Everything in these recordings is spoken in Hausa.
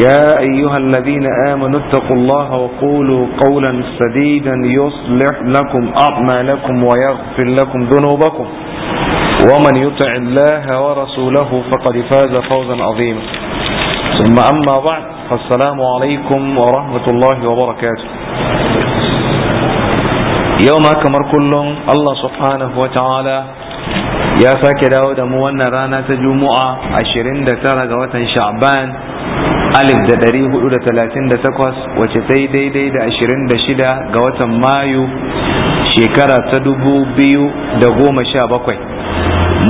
يا أيها الذين آمنوا اتقوا الله وقولوا قولا سديدا يصلح لكم أعمالكم ويغفر لكم ذنوبكم ومن يطع الله ورسوله فقد فاز فوزا عظيما ثم أما بعد فالسلام عليكم ورحمة الله وبركاته يوم أكمر كلهم الله سبحانه وتعالى يا فاكر داود موانا رانا تجمع عشرين دتارة وتن شعبان alif da ɗari hudu da talatin da takwas wace sai daidai da ashirin da shida ga watan mayu shekara ta dubu biyu da goma sha bakwai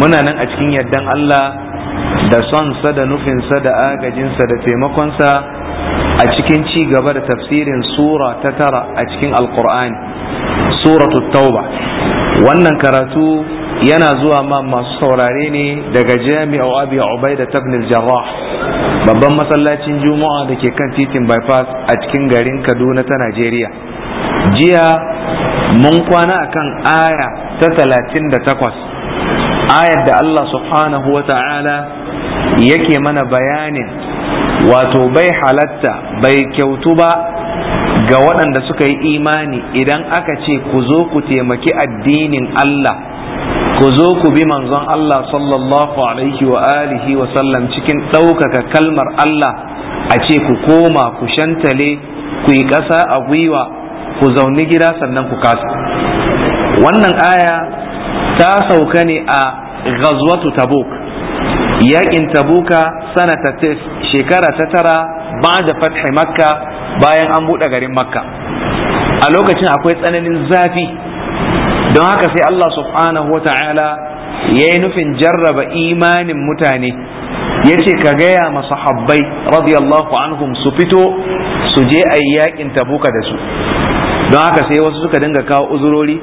muna nan a cikin yardan Allah da sonsa da nufinsa da agajinsa da taimakonsa a cikin ci gaba da tafsirin sura ta tara a cikin alkur'ani suratul tauba wannan karatu yana zuwa ma masu saurare ne daga jami'a abi da tabnil jarrah babban masallacin juma'a da ke kan titin bypass a cikin garin kaduna ta najeriya jiya mun kwana a kan aya ta talatin da takwas ayar da allah subhanahu wa ta'ala yake mana bayanin wato bai halatta bai kyautu ba ga waɗanda suka yi imani idan aka ce ku zo ku taimaki addinin Allah ku zo ku bi manzon Allah sallallahu alaihi wa alihi wa sallam cikin ɗaukaka kalmar Allah a ce ku koma ku shantale ku yi ƙasa a gwiwa ku zauni gida sannan ku kasa wannan aya ta sauka ne a ghazwatu tabuk yaƙin tabuka sanata shekara ta tara ba da fathi makka bayan an buɗe garin makka a lokacin akwai tsananin zafi don haka sai Allah subhanahu wa ta'ala ya yi nufin jarraba imanin mutane ya ce ka gaya masu habbai radiyallahu anhum su fito su je a yakin tabuka da su don haka sai wasu suka dinga kawo uzurori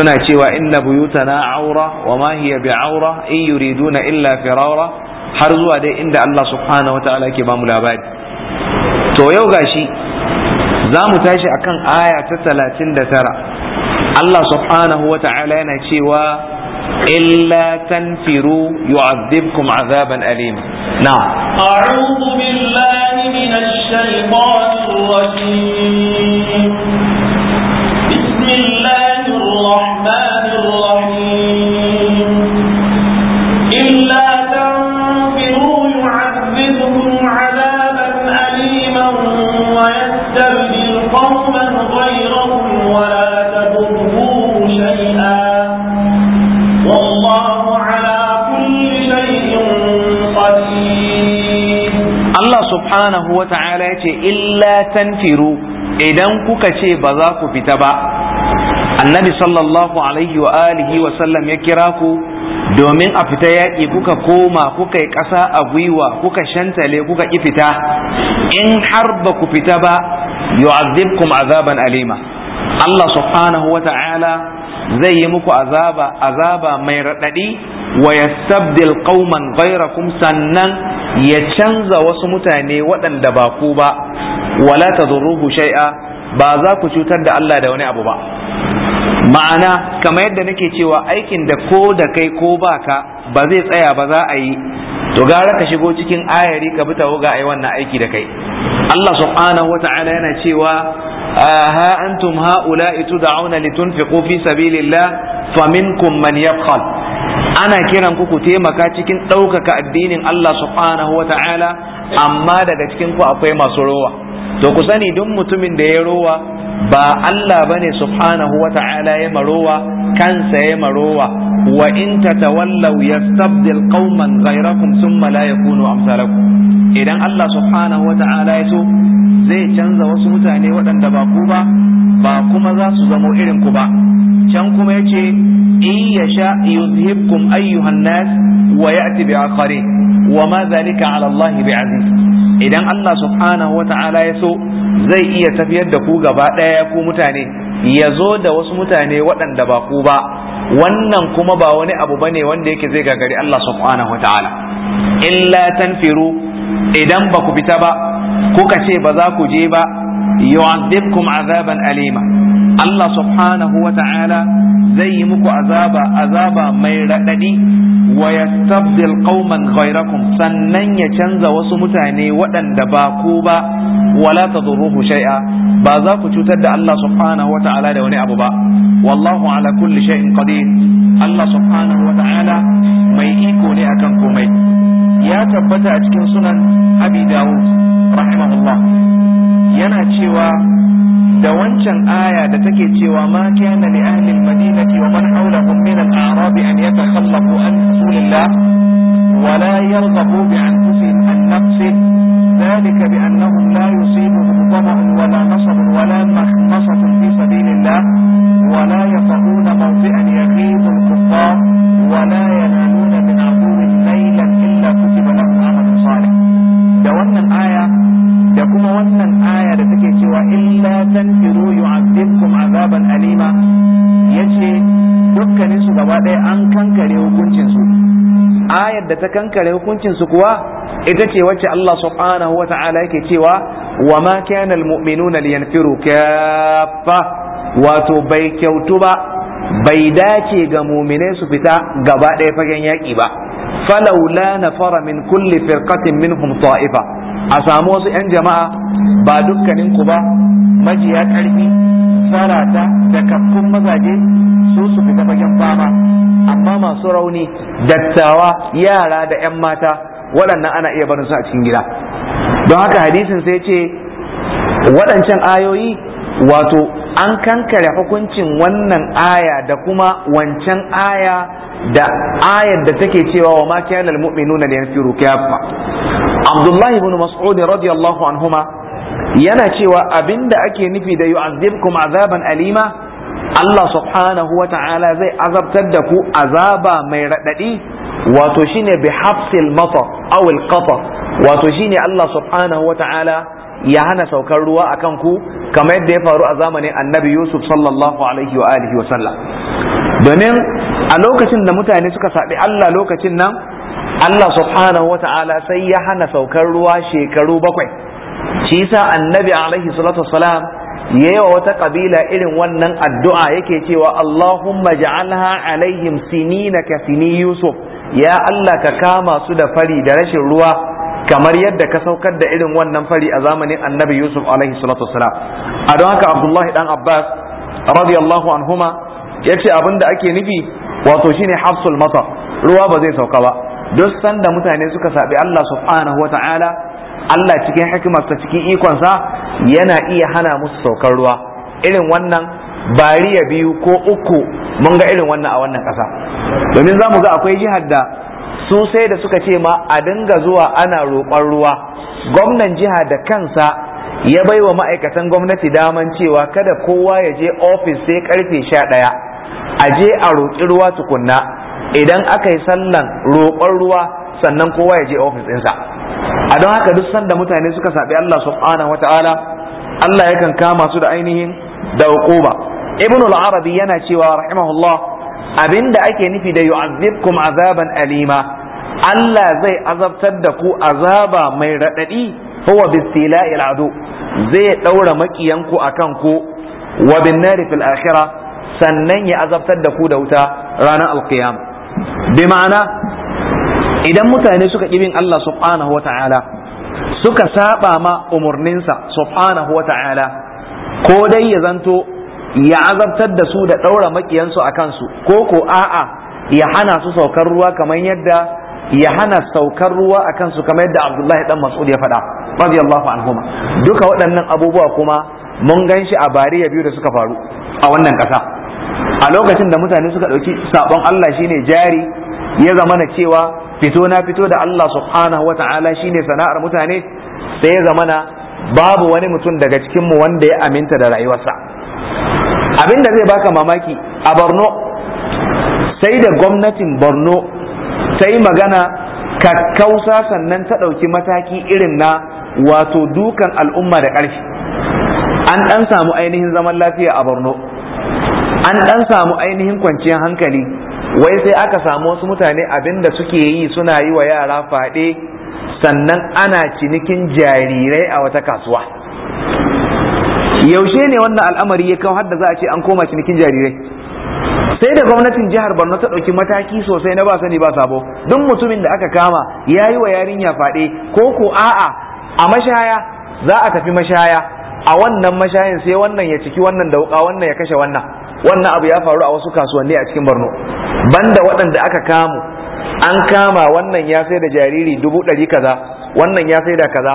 suna cewa inna buyutana aura wa ma hiya bi aura in yuriduna illa firara har zuwa dai inda Allah subhanahu wa ta'ala ke bamu labari to yau gashi za mu tashi akan aya ta talatin da tara Allah subhanahu wa ta'ala yana cewa illa tanfiru yu'adhibkum azaban alim na a'udhu billahi minash shaitanir rajim bismillahir rahmanir wa ta'ala ya ce illa tanfiru idan kuka ce ba za ku fita ba annabi sallallahu alaihi wa alihi wa sallam ya kira ku domin a fita yaƙi kuka koma kuka yi ƙasa a gwiwa kuka shantale kuka ƙi fita in har ba ku fita ba yu'azzibkum azaban alima Allah subhanahu wa ta'ala zai yi muku azaba azaba mai raɗaɗi wa yastabdil qauman ghairakum sannan ya canza wasu mutane waɗanda ba ku ba wala tadurruhu shai'a ba za ku cutar da Allah da wani abu ba ma'ana kamar yadda nake cewa aikin da ko da kai ko ba ka ba zai tsaya ba za a yi to gara ka shigo cikin ayari ka bi tawo ga ai wannan aiki da kai Allah subhanahu wata'ala yana cewa ha antum haula'i tud'auna litunfiqu fi sabilillah faminkum man yabkhal ana kiran ku ku taimaka cikin ɗaukaka addinin Allah subhanahu wata'ala amma daga cikin ku akwai masu rowa to ku sani duk mutumin da ya rowa ba Allah bane subhanahu wata'ala ya marowa kansa ya marowa wa in tatawallaw yastabdil qauman ghayrakum thumma la yakunu amsalakum idan Allah subhanahu wata'ala ya so zai canza wasu mutane waɗanda ba ku ba ba kuma za su zamo irin ku ba can kuma yace in ya sha yuzhibkum ayyuhan nas wa ya'ti bi akhari wa ma zalika ala Allah bi aziz idan Allah subhanahu wata'ala ya so zai iya tafiyar da ku gaba daya ku mutane ya zo da wasu mutane waɗanda ba ku ba wannan kuma ba wani abu bane wanda yake zai gagari Allah subhanahu wata'ala illa tanfiru idan ba ku fita ba kuka ce ba za ku je ba yu'adhibkum azaban alima Allah subhanahu wa ta'ala zai yi muku azaba azaba mai raɗaɗi. wa yastabdil qauman sannan ya canza wasu mutane waɗanda ba ku ba wala tadurruhu ba za ku cutar da Allah subhanahu wa ta'ala da wani abu ba wallahu ala kulli shay'in qadir Allah subhanahu wa ta'ala mai iko ne akan komai ya tabbata a cikin sunan abi dawud rahimahullah yana cewa da wancan aya da take cewa ma kana li ahli al-madinati wa man hawlahum min al-a'rab an yatakhallafu an rasulillah wa la yarghabu bi anfusihim an nafsihi ذلك بأنهم لا يصيبهم ظمأ ولا نصب ولا مخمصة في سبيل الله tastanfiru yu'adhibkum azaban alima yace dukkanin su gaba ɗaya an kankare hukuncin su ayar da ta kankare hukuncin su kuwa ita ce wacce Allah subhanahu wa ta'ala yake cewa wa ma kana almu'minuna liyanfiru kaffa wato bai kyautu ba bai dace ga muminai su fita gaba ɗaya fagen yaki ba falaula nafara min kulli firqatin minhum ta'ifa a samu wasu 'yan jama'a ba dukkanin ku ba majiya karfi sarata da kakkun mazaje su su fita fagen fama amma masu rauni dattawa yara da 'yan mata waɗannan ana iya barin su a cikin gida don haka hadisin sai ce waɗancan ayoyi wato an kankare hukuncin wannan aya da kuma wancan aya da ayar da take cewa wa ma kana almu'minuna liyanfiru kaffa abdullahi bin mas'ud radiyallahu anhuma yana cewa abinda ake nufi da yu'azzibkum azaban alima Allah subhanahu wa ta'ala zai azabtar da ku azaba mai raɗaɗi wato shine bi hafsil matar aw al wato shine Allah subhanahu wa ta'ala ya hana saukar ruwa a kanku kamar yadda ya faru a zamanin annabi Yusuf sallallahu alaihi wa alihi wa sallam domin a lokacin da mutane suka saɓi Allah lokacin nan Allah subhanahu wa ta'ala sai ya hana saukar ruwa shekaru bakwai shi sa annabi alaihi salatu wassalam ya yi wa wata kabila irin wannan addu'a yake cewa Allahumma ja'alha alaihim sinina ka sini Yusuf ya Allah ka kama su da fari da rashin ruwa kamar yadda ka saukar da irin wannan fari a zamanin annabi Yusuf alaihi salatu wassalam a don haka Abdullahi dan Abbas radiyallahu anhuma yace abin da ake nufi wato shine hafsul matar ruwa ba zai sauka ba duk sanda mutane suka saɓi Allah subhanahu wa ta'ala Allah cikin hikimarsa cikin ikonsa yana iya hana musu saukar ruwa irin wannan ya biyu ko uku mun ga irin wannan a wannan ƙasa domin za mu ga akwai jihar da su sai da suka ce ma a dinga zuwa ana roƙon ruwa gwamnan jiha da kansa ya bai wa ma'aikatan gwamnati daman cewa kada kowa ya je ofis sai karfe sha ɗaya a je a roƙi ruwa tukunna idan aka yi sallan roƙon ruwa sannan kowa ya je ofis ɗinsa a don haka duk sanda mutane suka saɓi Allah subhanahu wa ta'ala Allah yakan kama su da ainihin da uquba ibn al-arabi yana cewa rahimahullah abinda ake nufi da yu'azzibkum azaban alima Allah zai azabtar da ku azaba mai radadi huwa bistila'il adu zai daura makiyanku akan ku wa bin nari fil akhirah sannan ya azabtar da ku da wuta ranar alqiyama bi ma'ana idan mutane suka ƙi bin Allah subhanahu wa ta'ala suka saba ma umarninsa subhanahu wa ta'ala ko dai ya zanto ya azabtar da su da ɗaura makiyansu a kansu ko ko a'a ya hana su saukar ruwa kamar yadda ya hana saukar ruwa a kansu kamar yadda Abdullahi dan Mas'ud ya faɗa radiyallahu anhuma duka waɗannan abubuwa kuma mun gan shi a bariya biyu da suka faru a wannan ƙasa a lokacin da mutane suka ɗauki sabon Allah shine jari ya zama na cewa fito na fito da Allah subhanahu wata'ala shine sana'ar mutane sai ya zama na babu wani mutum daga cikinmu wanda ya aminta da rayuwarsa abin da zai baka mamaki a Borno sai da gwamnatin Borno ta yi magana kakkausa sannan ta ɗauki mataki irin na wato dukan al'umma da ƙarfi an ɗan samu ainihin zaman lafiya a Borno an dan samu ainihin kwanciyar hankali wai sai aka samu wasu mutane abinda suke yi suna yi wa yara fade sannan ana cinikin jarirai a wata kasuwa yaushe ne wannan al'amari ya kawo hadda za a ce an koma cinikin jarirai sai da gwamnatin jihar borno ta ɗauki mataki sosai na ba sani ba sabo duk mutumin da aka kama ya yi wa yarinya fade ko ko a'a a mashaya za a tafi mashaya a wannan mashayin sai wannan ya ciki wannan da wuka wannan ya kashe wannan wannan abu ya faru a wasu kasuwanni a cikin borno banda waɗanda aka kamu an kama wannan ya sai da jariri dubu ɗari kaza wannan ya sai da kaza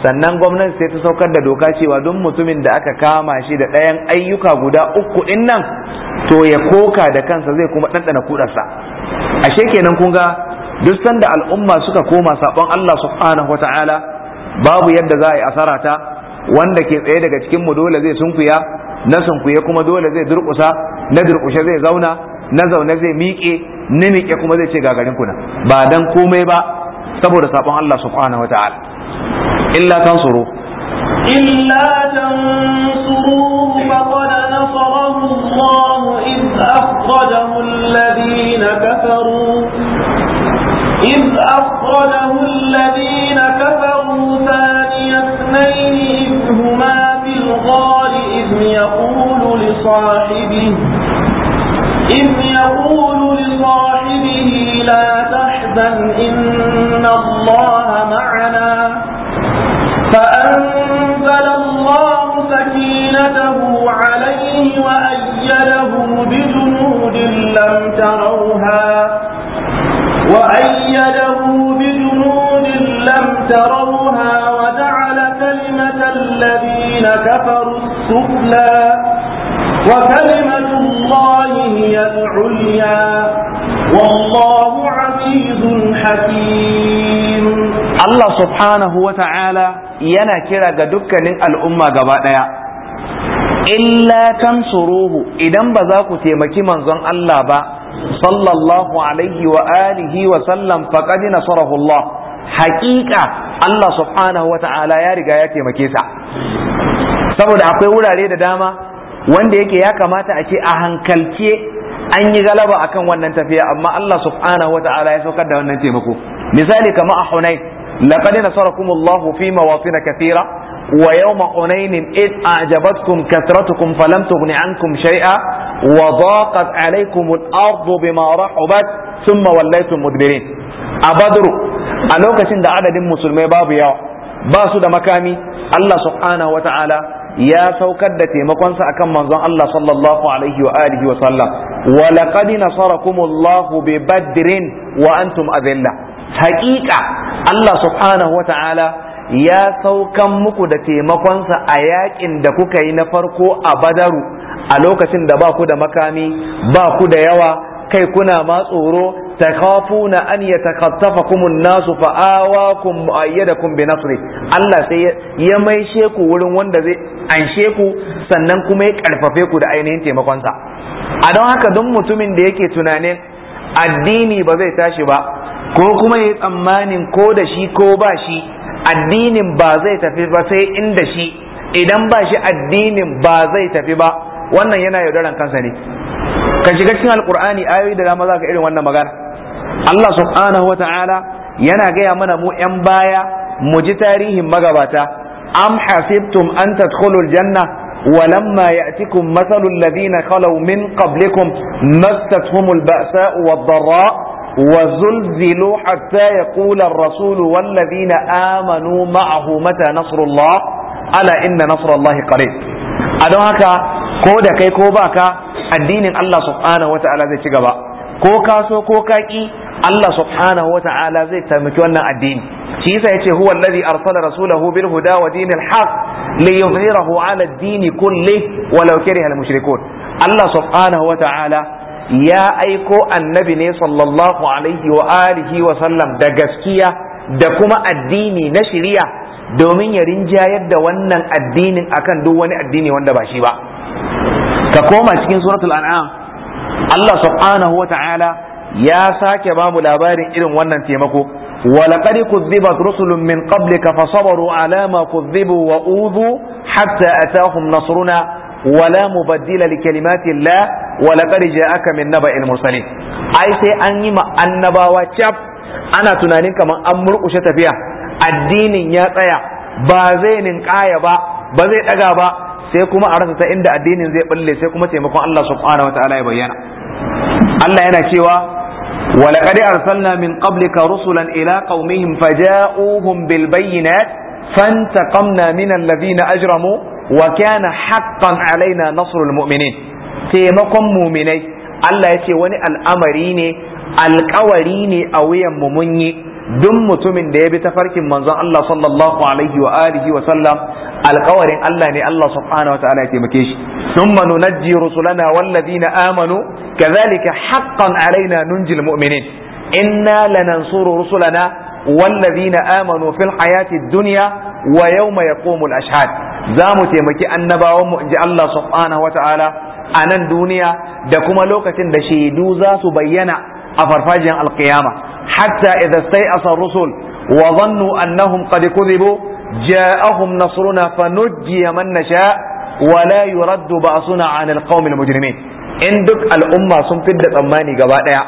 sannan gwamnati sai ta saukar da doka cewa duk mutumin da aka kama shi da ɗayan ayyuka guda uku ɗin nan to ya koka da kansa zai kuma ɗanɗana kudarsa ashe kenan kun ga duk sanda al'umma suka koma saɓon Allah subhanahu wata'ala babu yadda za a yi asara ta wanda ke tsaye daga cikin mu dole zai sunkuya na sunkuye kuma dole zai durƙusa na durƙushe zai zauna na zaune zai miƙe na miƙe kuma zai ce gagarin kuna ba dan komai ba saboda sabon Allah subhanahu wataala illa tansuru illa tansuru faqad nasarahu Allah إذ أخرجه alladhina kafaru إذ أخرجه alladhina kafaru يقول لصاحبه إذ يقول لصاحبه لا تحزن إن الله معنا فأنزل الله سكينته عليه وأيده بجنود لم تروها وأيده بجنود لم تروها الذين كفروا السفلى وكلمة الله هي العليا والله عزيز حكيم الله سبحانه وتعالى ينا ينكر قدك من الأمة قبائل إلا تنصروه إذا بذاك تيمكي منظر الله با صلى الله عليه وآله وسلم فقد نصره الله حقيقة Allah subhanahu ta'ala ya riga ya taimake sa saboda akwai wurare da dama wanda yake ya kamata a ce a hankalce an yi galaba akan wannan tafiya amma Allah subhanahu ta'ala ya saukar da wannan taimako misali kamar a Hunain laqad nasarakumullahu fi mawatin kathira wa yawma hunainin id a'jabatkum kathratukum falam tughni ankum shay'a wa daqat alaykum al-ardu bima rahabat thumma wallaytum mudbirin a badru a lokacin da adadin musulmai babu yawa ba su da makami Allah subhanahu wata'ala ya saukar da taimakonsa akan manzon Allah sallallahu alaihi wa alihi wa sallam wa laqad nasarakumullahu bi badrin wa antum adilla haqiqa Allah subhanahu wata'ala ya saukan muku da taimakonsa a yakin da kuka yi na farko a badaru a lokacin da ba ku da makami ba ku da yawa kai kuna ma tsoro ta na an kumun nasu fa'awa kun ayyada kun bi nasri Allah sai ya maishe ku wurin wanda zai anshe ku sannan kuma ya karfafe ku da ainihin taimakonsa. a don haka don mutumin da yake tunanin addini ba zai tashi ba ko kuma ya tsammanin ko da shi ko ba shi addinin ba zai tafi ba sai inda shi idan ba shi addinin ba zai tafi ba wannan yana yaudaran kansa ne ka shiga cikin alkur'ani ayoyi da dama za ka irin wannan magana Allah subhanahu wa yana gaya mana mu yan baya mu ji tarihin magabata am hasibtum an tadkhulul janna wa lamma ya'tikum mathalul ladina khalu min qablikum massatuhumul ba'sa wad dharra wa zulzilu hatta yaqula ar-rasul wal ladina amanu ma'ahu mata nasrullah ala inna nasrullahi qareeb adon haka ko da kai ko baka addinin Allah subhanahu wata'ala zai ci gaba ko ka so ko ka ki Allah subhanahu wata'ala zai taimaki wannan addini shi yasa yace huwa allazi arsala rasulahu bil huda wa dinil haqq liyuzhirahu ala ad-din kulli walau kariha al mushrikun Allah subhanahu wata'ala ya aiko annabi ne sallallahu alaihi wa alihi wa sallam da gaskiya da kuma addini na shari'a domin ya rinjayar da wannan addinin akan duk wani addini wanda ba shi ba ka koma cikin suratul an'am Allah subhanahu wa ta'ala ya sake ba mu labarin irin wannan taimako ولقد كذبت رسل من قبلك فصبروا على ما كذبوا وأوذوا حتى أتاهم نصرنا ولا مبدل لكلمات الله ولقد جاءك من نبأ المرسلين أي سي أني ما أنبا وشاب أنا تنانين كما أمر أشتفيا الدين يا ba zai ninkaya ba ba zai ɗaga ba sai kuma a rasa ta inda addinin zai balle sai kuma taimakon Allah subhanahu wa ta'ala ya bayyana Allah yana cewa ولقد أرسلنا من قبلك رسلا إلى قومهم فجاءوهم بالبينات فانتقمنا من الذين أجرموا وكان حقا علينا نصر المؤمنين taimakon muminai Allah ya ce wani al'amari ne ne a wuyan mu mun yi duk mutumin da ya bi ta farkin manzon Allah sallallahu alaihi wa alihi wa sallam alƙawarin Allah ne Allah subhanahu wa ta'ala ya taimake shi thumma nunajji rusulana walladhina amanu kadhalika haqqan alaina nunjil mu'minin inna lanansuru rusulana walladhina amanu fil hayati dunya wa yawma yaqumul ashhad za mu taimaki annabawan mu inji Allah subhanahu wa ta'ala a nan duniya da kuma lokacin da shaidu za su bayyana a farfajiyar alkiyama hatta idza stai'asa rusul wa dhannu annahum qad kudhibu ja'ahum nasruna fanujjiya man nasha wa la yuraddu ba'suna 'ala alqawmi almujrimin in duk al'umma sun da tsammani gaba ɗaya,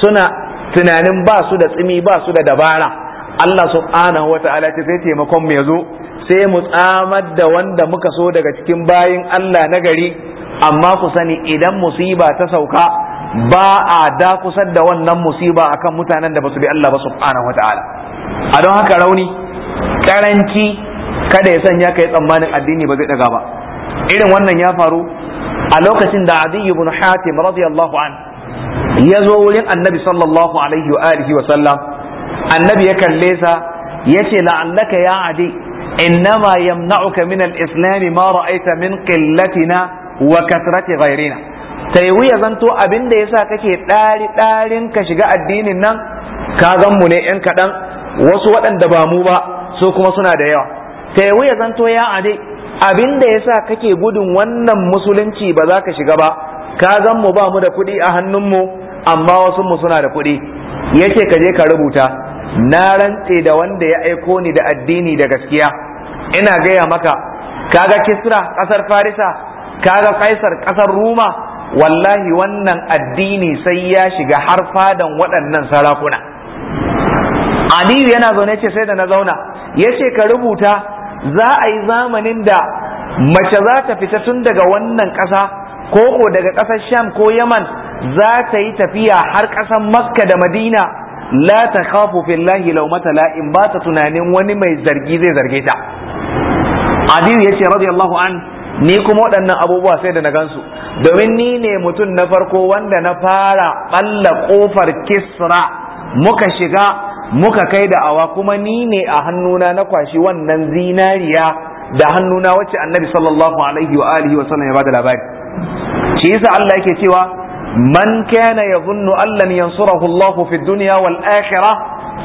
suna tunanin ba su da tsimi ba su da dabara Allah subhanahu wata'ala ce sai taimakon mu yazo sai mu tsamar da wanda muka so daga cikin bayin Allah na gari amma ku sani idan musiba ta sauka ba a dakusar da wannan musiba akan mutanen da basu bi Allah ba subhanahu wataala a don haka rauni karanci kada ya sanya kai tsammanin addini ba zai daga ba irin wannan ya faru a lokacin da Adi ibn Hatim radiyallahu an ya zo wurin Annabi sallallahu alaihi wa alihi wa sallam Annabi ya kalle sa yace la'allaka ya Adi innama yamna'uka min al-islam ma ra'aita min qillatina wa kasrati ghairina sai ya zanto abin da yasa kake ɗari ɗarin ka shiga addinin nan ka gan mu ne yan kaɗan wasu waɗanda ba mu ba su kuma suna da yawa sai ya zanto ya ade abin da yasa kake gudun wannan musulunci ba za ka shiga ba ka gan mu ba mu da kuɗi a hannun mu amma wasu mu suna da kuɗi yace ka je ka rubuta na rantse da wanda ya aiko ni da addini da gaskiya ina gaya maka kaga kisra ƙasar farisa kaga kaisar kasar Roma, wallahi wannan addini sai ya shiga har fadan waɗannan sarakuna aliyu yana zaune ce sai da na zauna ya ce ka rubuta za a yi zamanin da mace za ta fita tun daga wannan ƙasa ko daga ƙasar sham ko yaman za ta yi tafiya har ƙasar makka da madina la ta khafu fillahi laumata in ba ta tunanin wani mai zargi zai zarge ta aliyu ya ce radiyallahu an ni kuma waɗannan abubuwa sai da na gansu domin ni ne mutum na farko wanda na fara ɓalla ƙofar kisra muka shiga muka kai da awa kuma ni ne a hannuna na kwashi wannan zinariya da hannuna wacce annabi sallallahu alaihi wa alihi wa sallam ya bada labari shi yasa Allah yake cewa man kana yadhunnu an lan yansurahu Allah fi dunya wal akhirah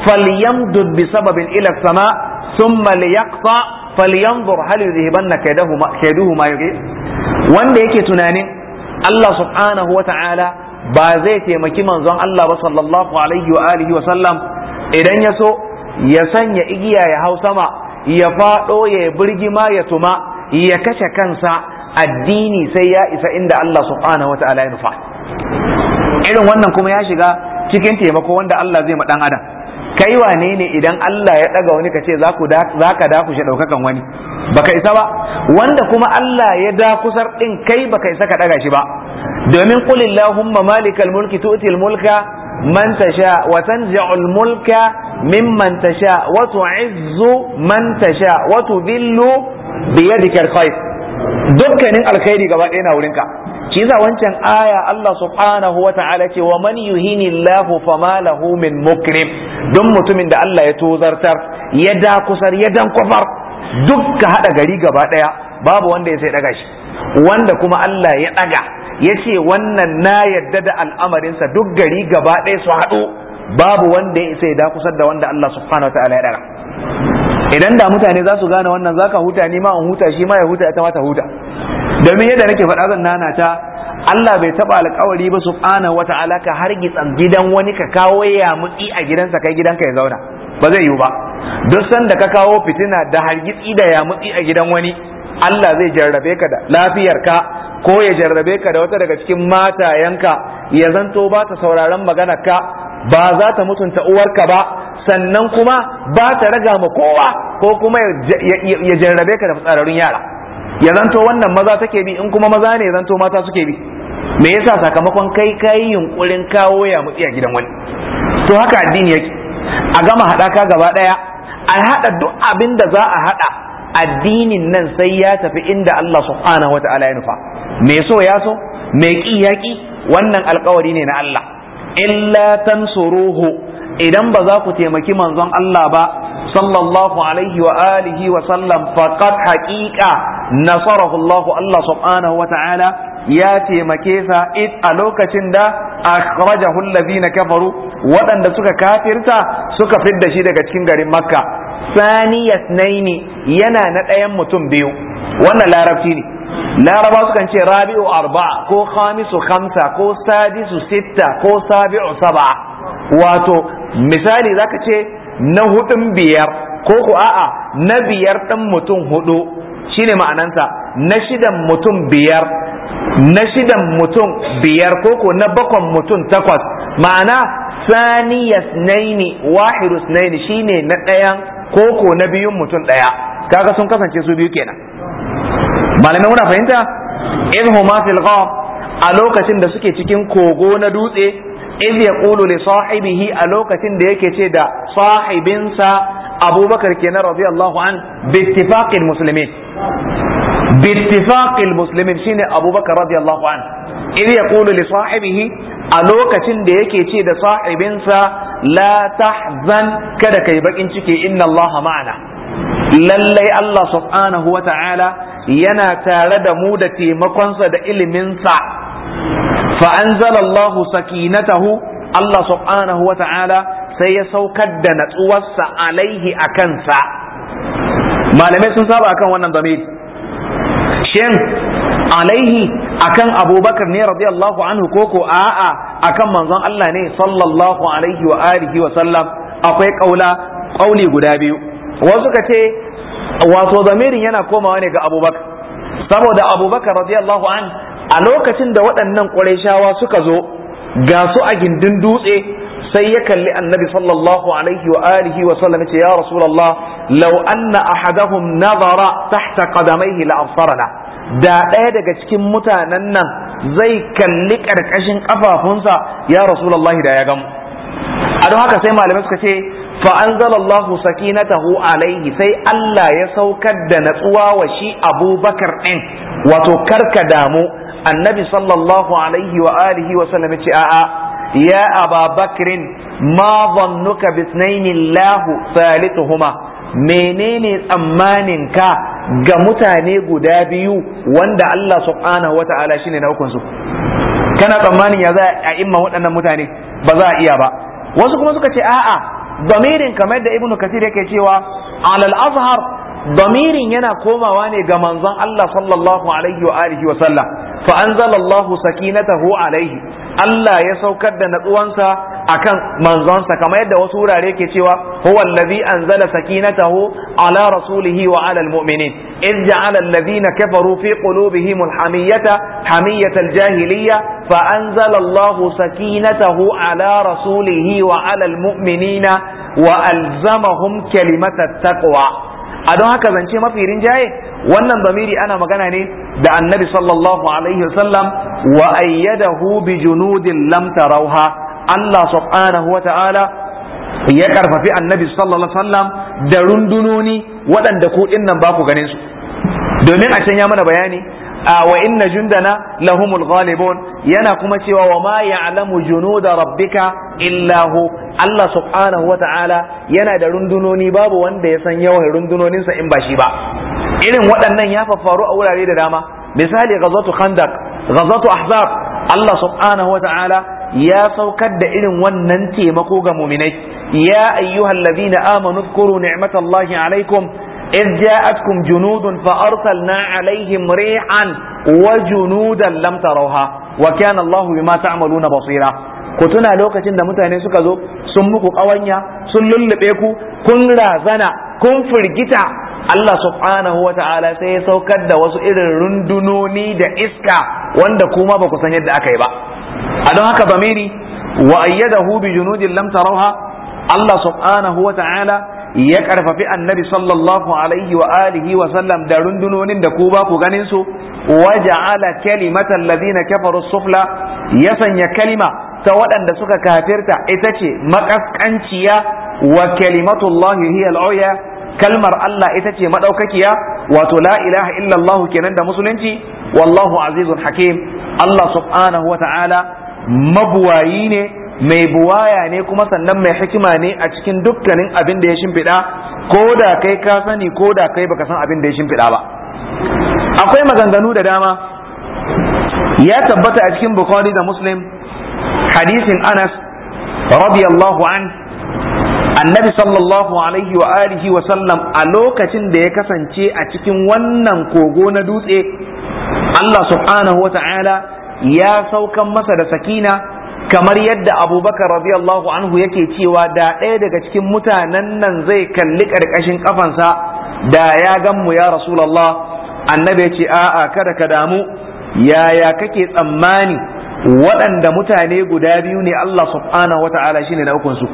falyamdud bi sababin ila sama' thumma liyaqta falyanzur hal yuzhibanna kaidahu kaiduhu ma yughib wanda yake tunanin Allah subhanahu wa ta'ala ba zai taimaki manzon Allah ba sallallahu alaihi wa alihi wa sallam idan ya so ya sanya igiya ya hau sama ya fado, ya birgi ya tuma ya kashe kansa addini sai ya isa inda Allah subhanahu wa ta'ala ya nufa irin wannan kuma ya shiga cikin taimako wanda Allah zai ma dan adam kai wane ne idan Allah ya daga wani kace za ku za ka da ku shi daukakan wani baka isa ba wanda kuma Allah ya da kusar din kai baka isa ka daga shi ba domin qul illahumma malikal mulki tu'til mulka man tasha wa tanzi'ul mulka mimman tasha wa tu'izzu man tasha wa tudillu biyadikal al-khayr dukkanin alkhairi gaba ɗaya na wurinka shi za wancan aya Allah subhanahu wa ta'ala ce wa man yuhini Allahu fama lahu min mukrim don mutumin da Allah ya tozartar ya da kusar ya dan duk dukka hada gari gaba ɗaya babu wanda ya sai daga shi wanda kuma Allah ya daga ya ce wannan na yadda da al'amarinsa duk gari gaba ɗaya su haɗu babu wanda ya sai kusar da wanda Allah subhanahu wa ta'ala ya daga idan da mutane za su gane wannan zaka huta ni ma in huta shi ma ya huta ita ma ta huta domin yadda nake faɗa zan nana ta Allah bai taɓa alƙawari ba subhanahu wata'ala ka hargitsa gidan wani ka kawo ya mutsi a gidansa kai gidanka ya zauna ba zai yiwu ba duk sanda ka kawo fitina da hargitsi da ya mutsi a gidan wani Allah zai jarrabe ka da ka ko ya jarrabe ka da wata daga cikin matayenka ya zanto ba ta sauraron ka ba za ta mutunta uwarka ba sannan kuma ba ta raga ma kowa ko kuma ya jarrabe ka da fitsararrun yara ya zanto wannan maza take bi in kuma maza ne zanto mata suke bi me yasa sakamakon kai kayi yunkurin kawo ya mutsi a gidan wani to haka addini yake a gama haɗaka gaba ɗaya a haɗa duk abin da za a haɗa addinin nan sai ya tafi inda Allah subhanahu wa ta'ala ya nufa me so ya so me ki ya ki wannan alkawari ne na Allah illa tansuruhu idan ba za ku taimaki manzon Allah ba sallallahu alaihi wa alihi wa sallam faqad haqiqa nasarahu Allah Allah subhanahu wa ta'ala ya taimake sa id a lokacin da akhrajahu alladhina kafaru waɗanda suka kafirta suka fidda shi daga cikin garin Makka saniyat naini yana na ɗayan mutum biyu wannan larabci ne laraba sukan ce rabi'u arba'a ko khamisu khamsa ko sadisu sitta ko sabi'u sab'a wato misali zaka ce na hudun biyar ko ku a'a na biyar ɗan mutum hudu shine ma'anansa na shidan mutum biyar na shidan mutum biyar ko ko na bakon mutum takwas ma'ana saniyas naini wahidus naini shine na ɗayan ko ko na biyun mutum ɗaya kaga sun kasance su biyu kenan malamai muna fahimta in huma fil a lokacin da suke cikin kogo na dutse iz yaqulu li sahibihi a lokacin ce da sahibinsa abubakar kenan radiyallahu an bittifaqil muslimin bittifaqil muslimin shine abubakar radiyallahu an iz li sahibihi a lokacin da yake ce da sahibinsa la tahzan kada kai bakin ciki inna ma'ana lallai Allah subhanahu wa ta'ala yana tare da mu da taimakonsa da iliminsa fa anzalallahu sakinatahu Allah subhanahu wa ta'ala sai ya saukar da natsuwarsa alaihi a kansa malamai sun saba kan wannan damiri shin alaihi akan abubakar ne radiyallahu anhu koko a'a akan manzon Allah ne sallallahu alaihi wa wa sallam akwai kaula kauli guda biyu wasu ka ce wato damirin yana komawa ne ga abubakar saboda abubakar radiyallahu anhu a lokacin da waɗannan ƙwarishawa suka zo ga su a gindin dutse sai ya kalli annabi sallallahu alaihi wa alihi wa sallam ya ce ya rasulullah law anna ahadahum nazara tahta qadamaihi la absarana da ɗaya daga cikin mutanen nan zai kalli ƙarƙashin ƙafafunsa ya rasulullahi da ya gamu a don haka sai malamai suka ce fa anzalallahu sakinatahu alaihi sai Allah ya saukar da natsuwa wa shi Abubakar ɗin wato karka damu annabi sallallahu alaihi wa alihi wa sallam ya ce a'a ya aba bakrin ma zannuka bisnaini lahu salisuhuma menene tsammanin ka ga mutane guda biyu wanda Allah subhanahu wata'ala shine na hukunsu? kana tsammanin ya za a imma waɗannan mutane ba za a iya ba wasu kuma suka ce a'a damirin kamar da ibnu kasir yake cewa alal azhar damirin yana komawa ne ga manzon Allah sallallahu alaihi wa alihi wa sallam fa anzalallahu sakinatahu alaihi Allah ya saukar da natsuwansa akan manzonsa kamar yadda wasu wurare ke cewa huwa allazi anzala sakinatahu ala rasulihi wa ala almu'minin iz ja'ala allazina kafaru fi qulubihim alhamiyata hamiyata aljahiliyya fa anzala Allahu sakinatahu ala rasulihi wa ala wa alzama alzamahum kalimata takwa. a don haka zance mafi rinjaye wannan zamiri ana magana ne da annabi sallallahu alaihi wasallam wa ayyadahu bi junudin lam tarauha Allah subhanahu wa ta'ala ya karfafi annabi sallallahu alaihi wasallam da rundunoni waɗanda ku nan ba ku ganin su domin a can ya mana bayani A wa inna jundana lahumul ghalibun yana kuma cewa wa ma ya'lamu junuda rabbika illa hu Allah subhanahu yana da rundunoni babu wanda ya san yawan rundunoninsa in ba shi ba irin waɗannan ya faffaru a wurare da dama misali ghazwatu khandaq ghazwatu ahzab Allah subhanahu ya saukar da irin wannan taimako ga muminai ya ayyuhal ladina amanu dhkuru ni'matallahi alaikum إذ جاءتكم جنود فأرسلنا عليهم ريحا وجنودا لم تروها وكان الله بما تعملون بصيرا ku tuna lokacin da mutane suka zo sun muku ƙawanya sun lullube ku kun razana kun firgita Allah subhanahu sai ya saukar da wasu irin rundunoni da iska wanda kuma ba ku san yadda aka yi ba a don haka bamiri wa ayyadahu bi junudin lam tarawha Allah subhanahu ta'ala ya karfafi annabi sallallahu alaihi wa alihi wa sallam da rundunonin da ku ba ku ganin su waja'ala kalimatan ladina kafaru sufla ya sanya kalima ta waɗanda suka kafirta ita ce makaskanciya wa kalimatullahi hiya al'uya kalmar Allah ita ce madaukakiya wato la ilaha illallah kenan da musulunci wallahu azizun hakim Allah subhanahu wa ta'ala mabuwayi ne mai buwaya ne kuma sannan mai hikima ne a cikin dukkanin abin da ya shimfiɗa ko da kai ka sani ko da kai baka san abin da ya shimfiɗa ba akwai maganganu da dama ya tabbata a cikin bukhari da muslim hadisin anas radiyallahu an annabi sallallahu alaihi wa alihi wa sallam a lokacin da ya kasance a cikin wannan kogo na dutse Allah subhanahu wa ta'ala ya saukan masa da sakina kamar yadda abubakar radiyallahu anhu yake cewa da ɗaya daga cikin mutanen nan zai kalli ƙarƙashin ƙafansa da ya gan mu ya rasulallah annabi ya ce a'a kada ka damu yaya kake tsammani waɗanda mutane guda biyu ne Allah subhanahu wa ta'ala shine na ukunsu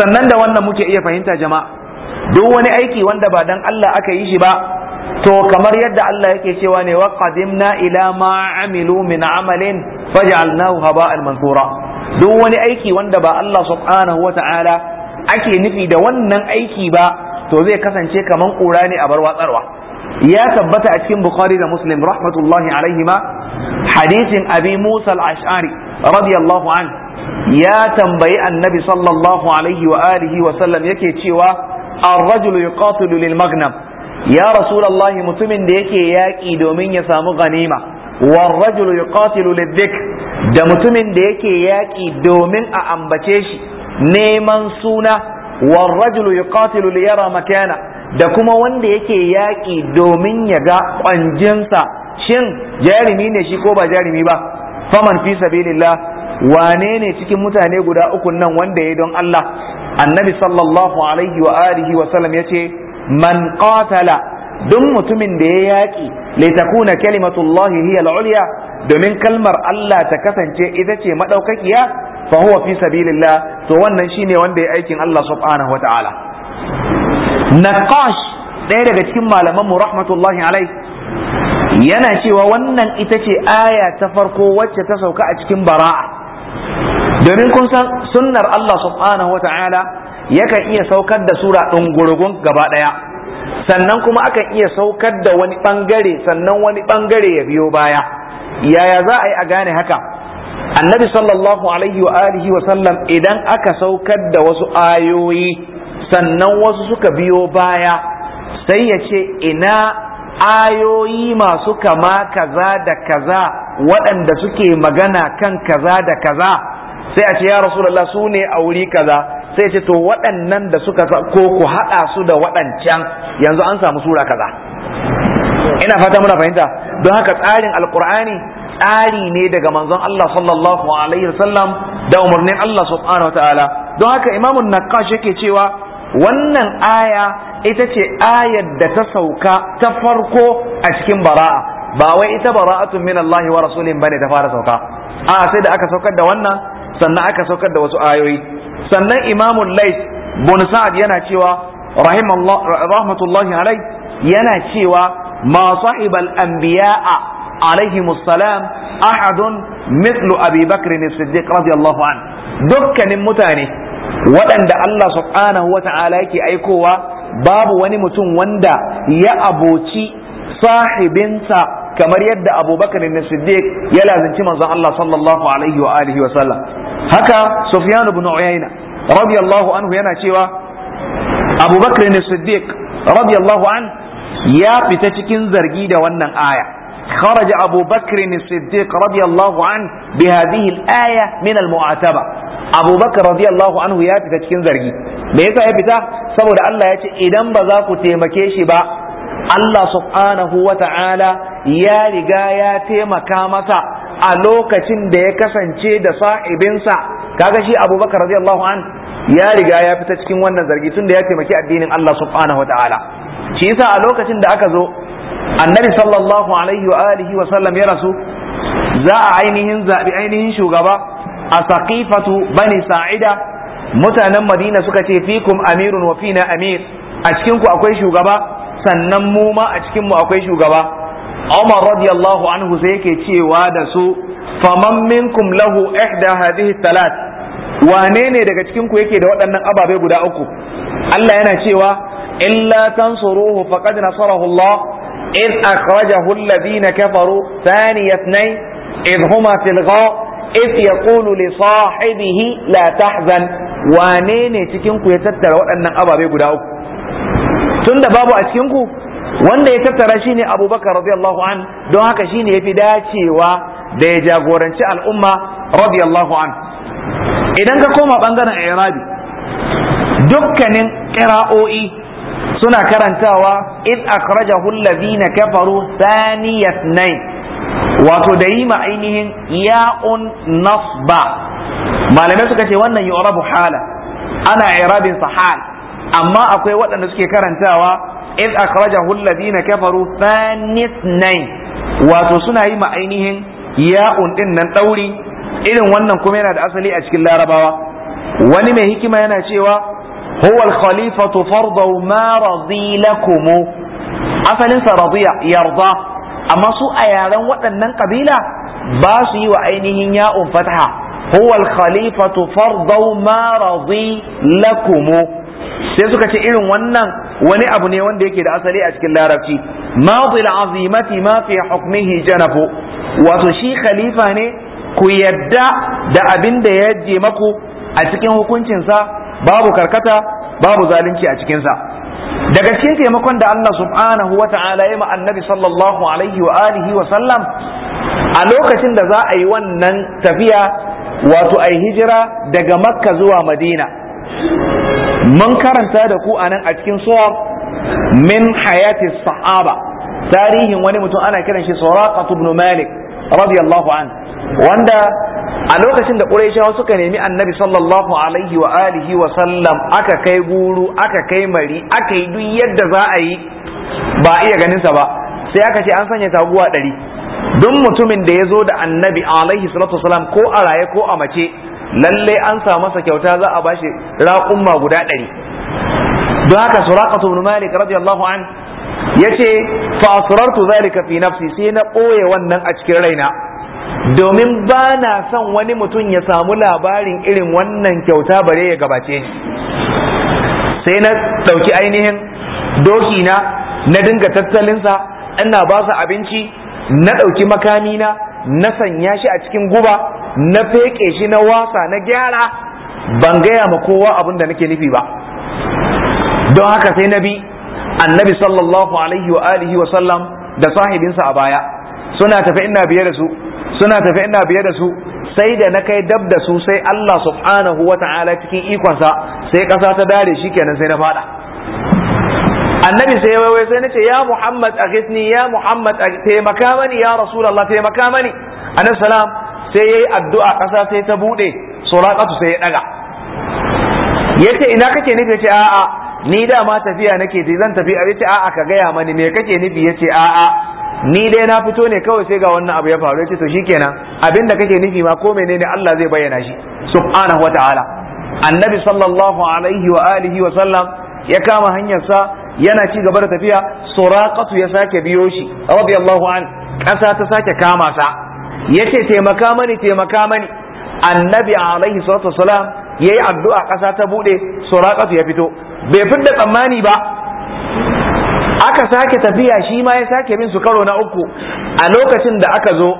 sannan da wannan muke iya fahimta jama'a duk wani aiki wanda ba dan Allah aka yi shi ba to kamar yadda Allah yake cewa ne wa qadimna ila ma amilu min amalin faj'alnahu haba'an mansura duk wani aiki wanda ba Allah subhanahu ake nufi da wannan aiki ba to zai kasance kaman kura ne a bar watsarwa ya tabbata a cikin bukhari da muslim rahmatullahi alaihima hadisin abi musa al-ash'ari radiyallahu an ya tambayi annabi sallallahu alaihi wa alihi wa sallam yake cewa ar-rajulu yuqatilu lil maghnam ya rasulullahi mutumin da yake yaƙi domin ya samu ganima والرجل يقاتل للذكر da mutumin da yake yaƙi domin a ambace shi neman suna warrajulu yuqatilu li makana da kuma wanda yake yaƙi domin ya ga ƙwanjinsa shin jarumi ne shi ko ba jarumi ba faman fi sabilillah wane ne cikin mutane guda uku nan wanda ya don Allah annabi sallallahu alaihi wa alihi wa sallam yace man qatala duk mutumin da ya yaƙi litakuna kalimatullahi hiya al-ulya domin kalmar Allah ta kasance ita ce madaukakiya fa huwa fi sabilillah to wannan shine wanda ya aikin Allah subhanahu wataala naqash ɗaya daga cikin malaman mu rahmatullahi alai yana cewa wannan ita ce aya ta farko wacce ta sauka a cikin bara'a domin kun san sunnar Allah subhanahu wataala yakan iya saukar da sura ɗin gurgun gaba ɗaya sannan kuma akan iya saukar da wani bangare sannan wani bangare ya biyo baya yaya za a yi a gane haka annabi sallallahu alaihi wa alihi wa sallam idan aka saukar da wasu ayoyi sannan wasu suka biyo baya sai ya ce ina ayoyi masu kama kaza da kaza waɗanda suke magana kan kaza da kaza sai a ce ya rasulullah su ne a wuri kaza sai ce to waɗannan da suka ko ku haɗa su da waɗancan yanzu an samu sura kaza ina fata muna fahimta don haka tsarin alkur'ani tsari ne daga manzon Allah sallallahu alaihi wasallam da umarnin Allah subhanahu ta'ala don haka imamun naqash yake cewa wannan aya ita ce ayar da ta sauka ta farko a cikin bara'a ba wai ita bara'atun min Allah wa rasulin bane ta fara sauka a sai da aka saukar da wannan sannan aka saukar da wasu ayoyi sannan imamul lais bin sa'ad yana cewa rahmatullahi alai yana cewa ma sahibal anbiya'a alaihimus salam ahadun mithlu abi bakr as-siddiq radiyallahu an dukkanin mutane waɗanda Allah subhanahu wa ta'ala yake aikowa babu wani mutum wanda ya aboci sahibinsa kamar yadda abubakar na siddiq ya lazinci manzon Allah sallallahu alaihi wa alihi wa sallam haka sufyan ibn uyayna radiyallahu anhu yana cewa abu bakr ne siddiq radiyallahu an ya fita cikin zargi da wannan aya خرج أبو بكر الصديق رضي الله عنه بهذه الآية من المعاتبة أبو بكر رضي الله عنه يا cikin zargi me yasa ya fita saboda Allah ya ce idan ba za ku taimake shi ba Allah subhanahu wa ya riga ya taimaka masa a lokacin da ya kasance da sa'ibinsa kaga shi abubakar radiyallahu an ya riga ya fita cikin wannan zargi tun da ya taimaki addinin Allah subhanahu wa ta'ala shi yasa a lokacin da aka zo annabi sallallahu alaihi wa alihi wa sallam ya rasu za a ainihin zabi ainihin shugaba a saqifatu bani sa'ida mutanen madina suka ce fikum amirun wa fina amir a cikin ku akwai shugaba sannan mu ma a cikin mu akwai shugaba Umar radiyallahu anhu sai yake cewa da su faman minkum lahu ihda hadhihi talat Wanene daga cikinku yake da waɗannan ababe guda uku Allah yana cewa illa tansuruhu faqad nasarahu Allah إذ أخرجه الذين huma ثاني اثنين إذ هما في الغار إذ يقول لصاحبه لا تحزن وانين تكنكو يتتر وأن أبا بيقول tun da babu a cikinku wanda ya tattara shine abubakar radiyallahu an don haka shine yafi dacewa da ya jagoranci al'umma radiyallahu an idan ka koma bangaren irabi dukkanin qira'o'i suna karantawa id akhrajahu alladhina kafaru nai. wato da yi ma ainihin ya'un nasba malamai suka ce wannan yu'rabu hala ana irabin hal. amma akwai waɗanda suke karantawa iz akhrajahu alladhina kafaru thanithnain wato suna yi ma'ainihin ainihin ya'un nan ɗauri, irin wannan kuma yana da asali a cikin larabawa wani mai hikima yana cewa huwa al-khalifatu fardahu ma radi lakum asalin sa radiya yarda amma su a yaren waɗannan kabila ba su yi wa ainihin ya'un fataha huwa al-khalifatu fardahu ma radi lakum sai suka ce irin wannan wani abu ne wanda yake da asali a cikin larabci madil azimati ma fi hukmihi janafu wato shi khalifa ne ku yadda da abin da ya je maku a cikin hukuncinsa babu karkata babu zalunci a cikinsa daga cikin taimakon da Allah subhanahu wa ta'ala ya annabi sallallahu alaihi wa alihi wa sallam a lokacin da za a yi wannan tafiya wato a hijira daga makka zuwa madina mun karanta da ku anan a cikin suwar min hayati sahaba tarihin wani mutum ana kiran shi suraqa ibn malik radiyallahu an wanda a lokacin da qurayshawa suka nemi annabi sallallahu alaihi wa alihi wa sallam aka kai guru aka kai mari aka yi duk yadda za a yi ba iya ganinsa ba sai aka ce an sanya taguwa ɗari duk mutumin da ya zo da annabi alaihi salatu wasalam ko a raye ko a mace Lallai an sa masa kyauta za a bashi raƙumma guda ɗari don haka suraqatu ibn malik radiyallahu an Ya ce fa asrartu zalika fi nafsi sai na ɓoye wannan a cikin raina domin ba na son wani mutum ya samu labarin irin wannan kyauta bare ya gabace sai na ɗauki ainihin doki na na dinga tattalinsa ina ba su abinci na ɗauki makamina. na sanya shi a cikin guba na feƙe shi na wasa na gyara ban gaya ma kowa abin da nake nufi ba don haka sai na bi annabi sallallahu alaihi wa alihi wa sallam da sahibinsa a baya suna tafi ina biye da su suna tafi ina biye da su sai da na kai dab da su sai Allah subhanahu wa ta'ala cikin ikonsa sai ƙasa ta dare shi kenan sai na fada annabi sai wai sai nace ya muhammad aghithni ya muhammad taimaka mani ya rasulullah taimaka mani annabi salam sai yayi addu'a kasa sai ta bude suraqatu sai ya daga yace ina kake nufi yace a'a ni dama tafiya nake ji zan tafi a yace a'a ka gaya mani me kake nufi yace a'a ni dai na fito ne kawai sai ga wannan abu ya faru yace to shikenan abinda kake nufi ma ko menene Allah zai bayyana shi subhanahu wataala annabi sallallahu alaihi wa alihi wa sallam ya kama hanyar sa, yana ci gaba da tafiya suraqatu ya sake biyo shi radiyallahu an kasa ta sake kama sa yace taimaka mani taimaka mani annabi alaihi salatu wasalam yayi addu'a kasa ta bude suraqatu ya fito bai fidda tsammani ba aka sake tafiya shi ma ya sake bin su karo na uku a lokacin da aka zo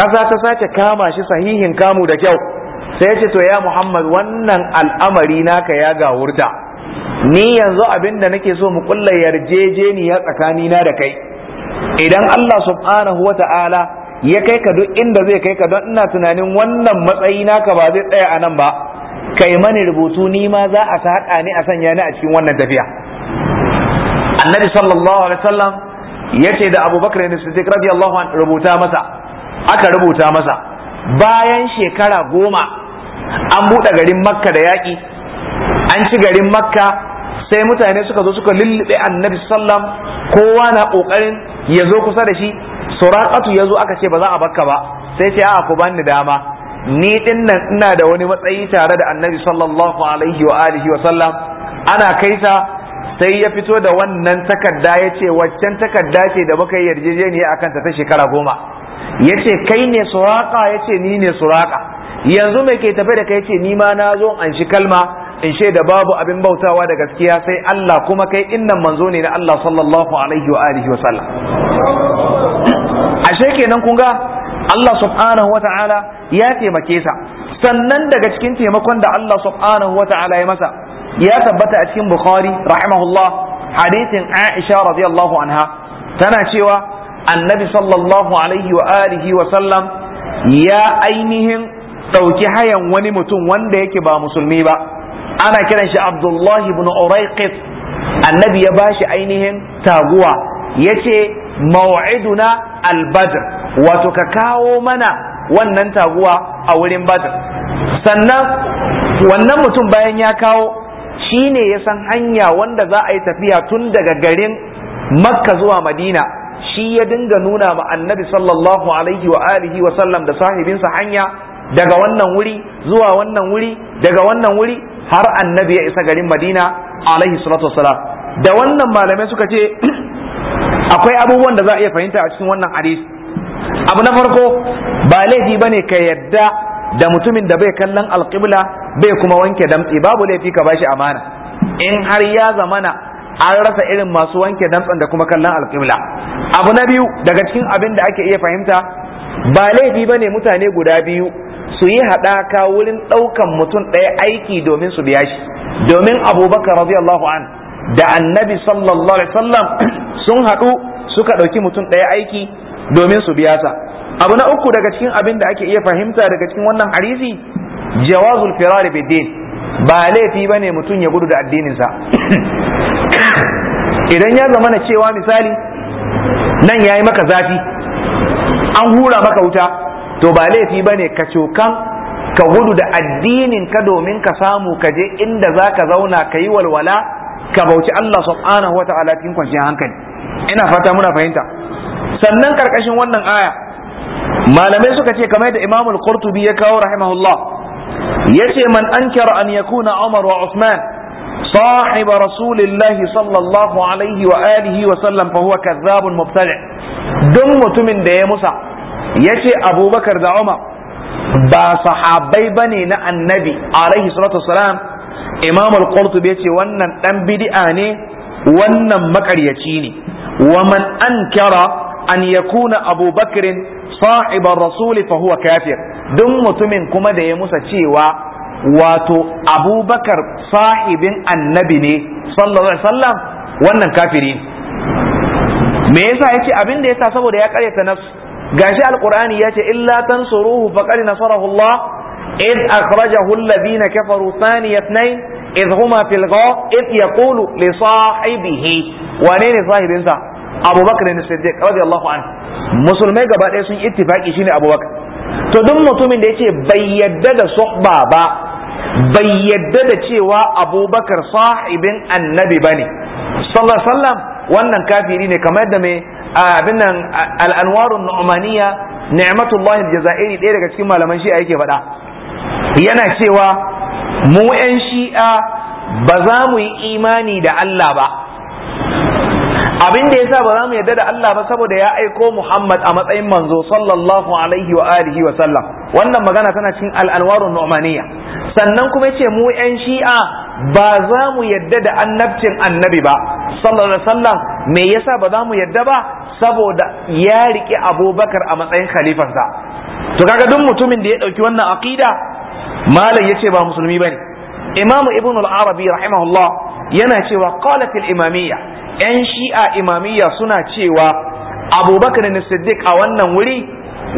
ƙasa ta sake kama shi sahihin kamu da kyau sai ya ce to ya muhammad wannan al'amari naka ya gawurta ni yanzu abin da nake so mu kulla yarjejeniya tsakanina da kai idan Allah subhanahu wa ta'ala ya kai ka duk inda zai kai ka don ina tunanin wannan matsayi naka ba zai tsaya a nan ba kai mani rubutu ni ma za a haɗa ni a sanya ni a cikin wannan tafiya annabi sallallahu alaihi wasallam ya ce da abubakar ne siddiq radiyallahu an rubuta masa aka rubuta masa bayan shekara goma an buɗe garin makka da yaƙi an ci garin makka sai mutane suka zo suka lullube annabi sallam kowa na kokarin ya zo kusa da shi suraqatu ya zo aka ce ba za a bakka ba sai ce a ku bani dama ni din nan ina da wani matsayi tare da annabi sallallahu alaihi wa alihi wa sallam ana kaita sai ya fito da wannan takarda ya ce waccan takarda ce da muka yi yarjejeniya akan ta ta shekara goma ya ce kai ne suraka ya ce ni ne suraka yanzu mai ke tafe da kai yace ni ma na zo an shi kalma in shaida babu abin bautawa da gaskiya sai Allah kuma kai innan manzo ne na Allah sallallahu alaihi wa alihi wa sallam ashe kenan kun ga Allah subhanahu wa ta'ala ya taimake sa sannan daga cikin taimakon da Allah subhanahu wa ta'ala ya masa ya tabbata a cikin Bukhari rahimahullah hadithin Aisha radiyallahu anha tana cewa annabi sallallahu alaihi wa alihi wa sallam ya ainihin ɗauki hayan wani mutum wanda yake ba musulmi ba ana kiran shi abdullahi ibn uraiqit annabi ya bashi ainihin taguwa yace maw'iduna al-badr wato ka kawo mana wannan taguwa a wurin badr sannan wannan mutum bayan ya kawo shi ne ya san hanya wanda za a yi tafiya tun daga garin makka zuwa madina shi ya dinga nuna ma annabi sallallahu alaihi wa alihi wa sallam da sahibinsa hanya daga wannan wuri zuwa wannan wuri daga wannan wuri har annabi ya isa garin madina alaihi salatu wassalam da wannan malamai suka ce akwai abubuwan da za a iya fahimta a cikin wannan hadisi abu na farko ba laifi bane ka yadda da mutumin da bai kallon alƙibla bai kuma wanke damtsi babu laifi ka bashi amana in har ya zamana an rasa irin masu wanke damtsan da kuma kallon alƙibla abu na biyu daga cikin abin da ake iya fahimta ba laifi bane mutane guda biyu su yi haɗaka wurin ɗaukan mutum ɗaya aiki domin su biya shi domin abubakar radiyallahu an da annabi sallallahu alaihi wasallam sun haɗu suka ɗauki mutum ɗaya aiki domin su biya sa abu na uku daga cikin abin da ake iya fahimta daga cikin wannan hadisi jawazul firari bidin ba laifi ba ne mutum ya gudu da addininsa idan ya zama na cewa misali nan ya yi maka zafi an hura maka wuta to ba laifi ba ne ka cokan ka gudu da addinin ka domin ka samu ka je inda za ka zauna ka yi walwala ka bauci Allah subhanahu wa ta'ala cikin kwanciyar hankali ina fata muna fahimta sannan karkashin wannan aya malamai suka ce kamar da Imam al-Qurtubi ya kawo rahimahullah yace man ankara an yakuna Umar wa Uthman صاحب رسول الله صلى الله عليه وآله وسلم فهو كذاب مبتدع دم متمن ده musa. ya ce abubakar da umar ba sahabai ba ne na annabi alaihi salatu salam. imam al-qurtubi ce wannan dan bid'a ne wannan makaryaci ne wa man ankara an yakuna abubakar sahibar rasuli fa huwa kafir duk mutumin kuma da ya musa cewa wato abubakar sahibin annabi ne sallallahu alaihi wasallam wannan kafiri me yasa ce abin da yasa saboda ya karyata nafsu gashi alqur'ani yace illa tansuruhu faqad nasarahu Allah id akhrajahu alladhina kafaru thaniya ithnain id huma fil ghar id yaqulu li sahibihi ne sahibinsa abubakar ne siddiq radiyallahu anhu musulmai gaba ɗaya sun ittifaki shine abubakar to duk mutumin da yace bai yadda da suhba ba bai yadda da cewa abubakar sahibin annabi bane sallallahu alaihi wasallam wannan kafiri ne kamar yadda mai abin nan al'anwarun nu'maniya ni'matullahi jaza'iri ɗaya daga cikin malaman shi'a yake faɗa yana cewa mu 'yan shi'a ba za mu yi imani da Allah ba abin da yasa ba za mu yarda da Allah ba saboda ya aiko Muhammad a matsayin manzo sallallahu alaihi wa alihi wa sallam wannan magana tana cikin al'anwarun anwarun nu'maniya sannan kuma ce mu yan shi'a ba za mu yadda da annabcin annabi ba sallallahu alaihi wasallam me yasa ba za mu yadda ba saboda ya riƙe abubakar a matsayin khalifansa to kaga duk mutumin da ya ɗauki wannan aqida malam yace ba musulmi bane imamu ibn al-arabi rahimahullah yana cewa qalat al-imamiyya yan shi'a imamiyya suna cewa abubakar ne siddiq a wannan wuri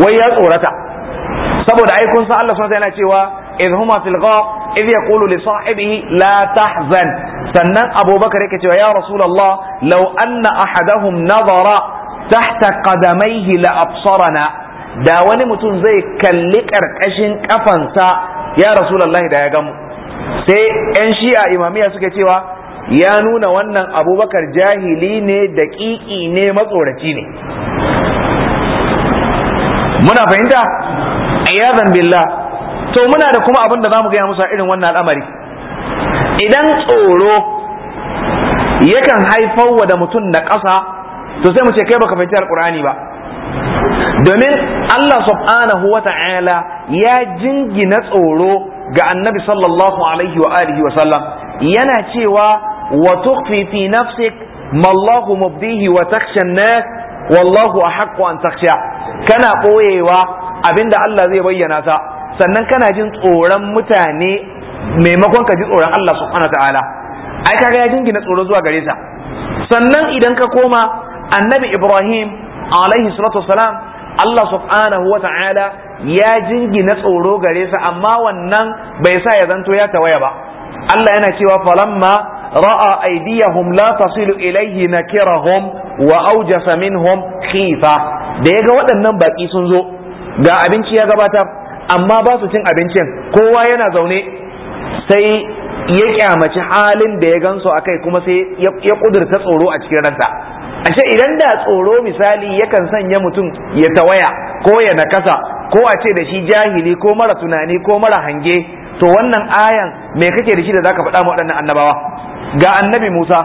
wai ya tsorata saboda aikunsa kun Allah subhanahu yana cewa idh huma fil ghar idh yaqulu li sahibihi la tahzan sannan abubakar yake cewa ya rasulullah law anna ahadahum nazara tahta qadamaihi la absarana da wani mutum zai kalli ƙarƙashin ƙafansa. ya rasulullah da ya ga mu. sai yan shi'a imamiya suke cewa ya nuna wannan abubakar jahili ne daƙiƙi ne matsoraci ne muna fahimta iyadan billah to muna da kuma abin da za mu gaya musu a irin wannan al'amari idan tsoro yakan haifar wa da mutum na ƙasa to sai mu ce kai baka fahimci alƙur'ani ba domin Allah subhanahu wa ta'ala ya jingina tsoro ga annabi sallallahu alaihi wa alihi wa sallam yana cewa wa tukhfi fi nafsik ma Allahu mubdihi wa takhsha an-nas wallahu ahaqqu an takhsha kana boyewa abinda Allah zai bayyana ta sannan kana jin tsoron mutane maimakon ka ji tsoron Allah subhanahu ta'ala ai kaga ya jingina tsoro zuwa gare sa sannan idan ka koma annabi Ibrahim alaihi salatu wassalam Allah subhanahu wa ta'ala ya jingina tsoro gare sa amma wannan bai sa ya zanto ya tawaya ba Allah yana cewa falamma ra'a aydiyahum la tasilu ilayhi nakirahum wa awjasa minhum khifa da yaga waɗannan baki sun zo ga abinci ya gabatar amma ba su cin abincin kowa yana zaune sai ya kyamaci halin da ya gansu a kai kuma sai ya kudurta tsoro a cikin ransa ashe idan da tsoro misali yakan sanya mutum ya tawaya ko ya nakasa ko a ce da shi jahili ko mara tunani ko mara hange to wannan ayan me kake da shi da zaka faɗa ma waɗannan annabawa ga annabi Musa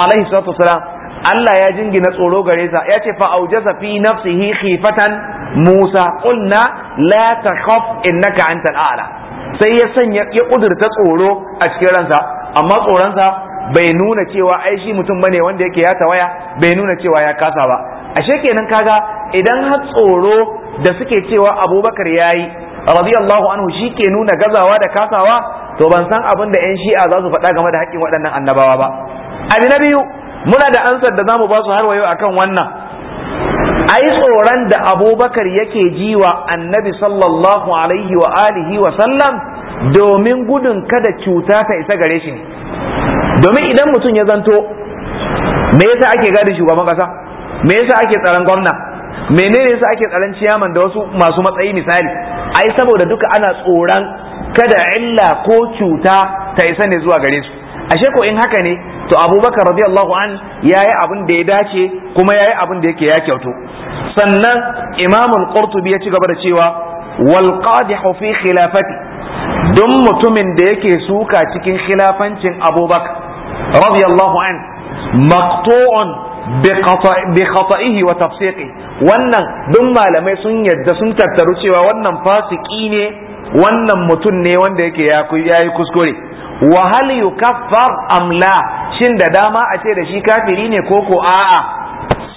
alaihi salatu wasalam Allah ya jingina tsoro gare sa ya ce fa fi nafsihi khifatan Musa qulna la takhaf innaka antal a'la sai ya sanya ya kudurta tsoro a cikin ransa amma tsoronsa bai nuna cewa ai shi mutum bane wanda yake ya tawaya bai nuna cewa ya kasa ba ashe kenan kaga idan har tsoro da suke cewa Abubakar yayi radiyallahu anhu shi ke nuna gazawa da kasawa to ban san abin da yan shi'a za su faɗa game da haƙƙin waɗannan annabawa ba abi na biyu muna da ansar da zamu ba su har wayo akan wannan ai tsoron da abubakar yake ji wa annabi sallallahu alaihi wa alihi wa sallam domin gudun kada cuta ta isa gare shi domin idan mutum ya zanto me yasa ake gadi shugaban kasa me yasa ake tsaron gwamna menene yasa ake tsaron ciyaman da wasu masu matsayi misali ai saboda duka ana tsoron kada illa ko cuta ta isa ne zuwa gare su ashe ko in haka ne to abubakar radiyallahu an ya yi abin da ya dace kuma ya yi abin da yake ya kyautu sannan imamul qurtubi ya ci gaba da cewa wal qadihu fi khilafati mutumin da yake suka cikin khilafancin abubakar radiyallahu an maqtu'un bi khata'ihi wa tafsiqi wannan dun malamai sun yadda sun tattaru cewa wannan fasiki ne wannan mutum ne wanda yake yi kuskure wa hal yukaffar am la shin da dama a ce da shi kafiri ne ko ko a'a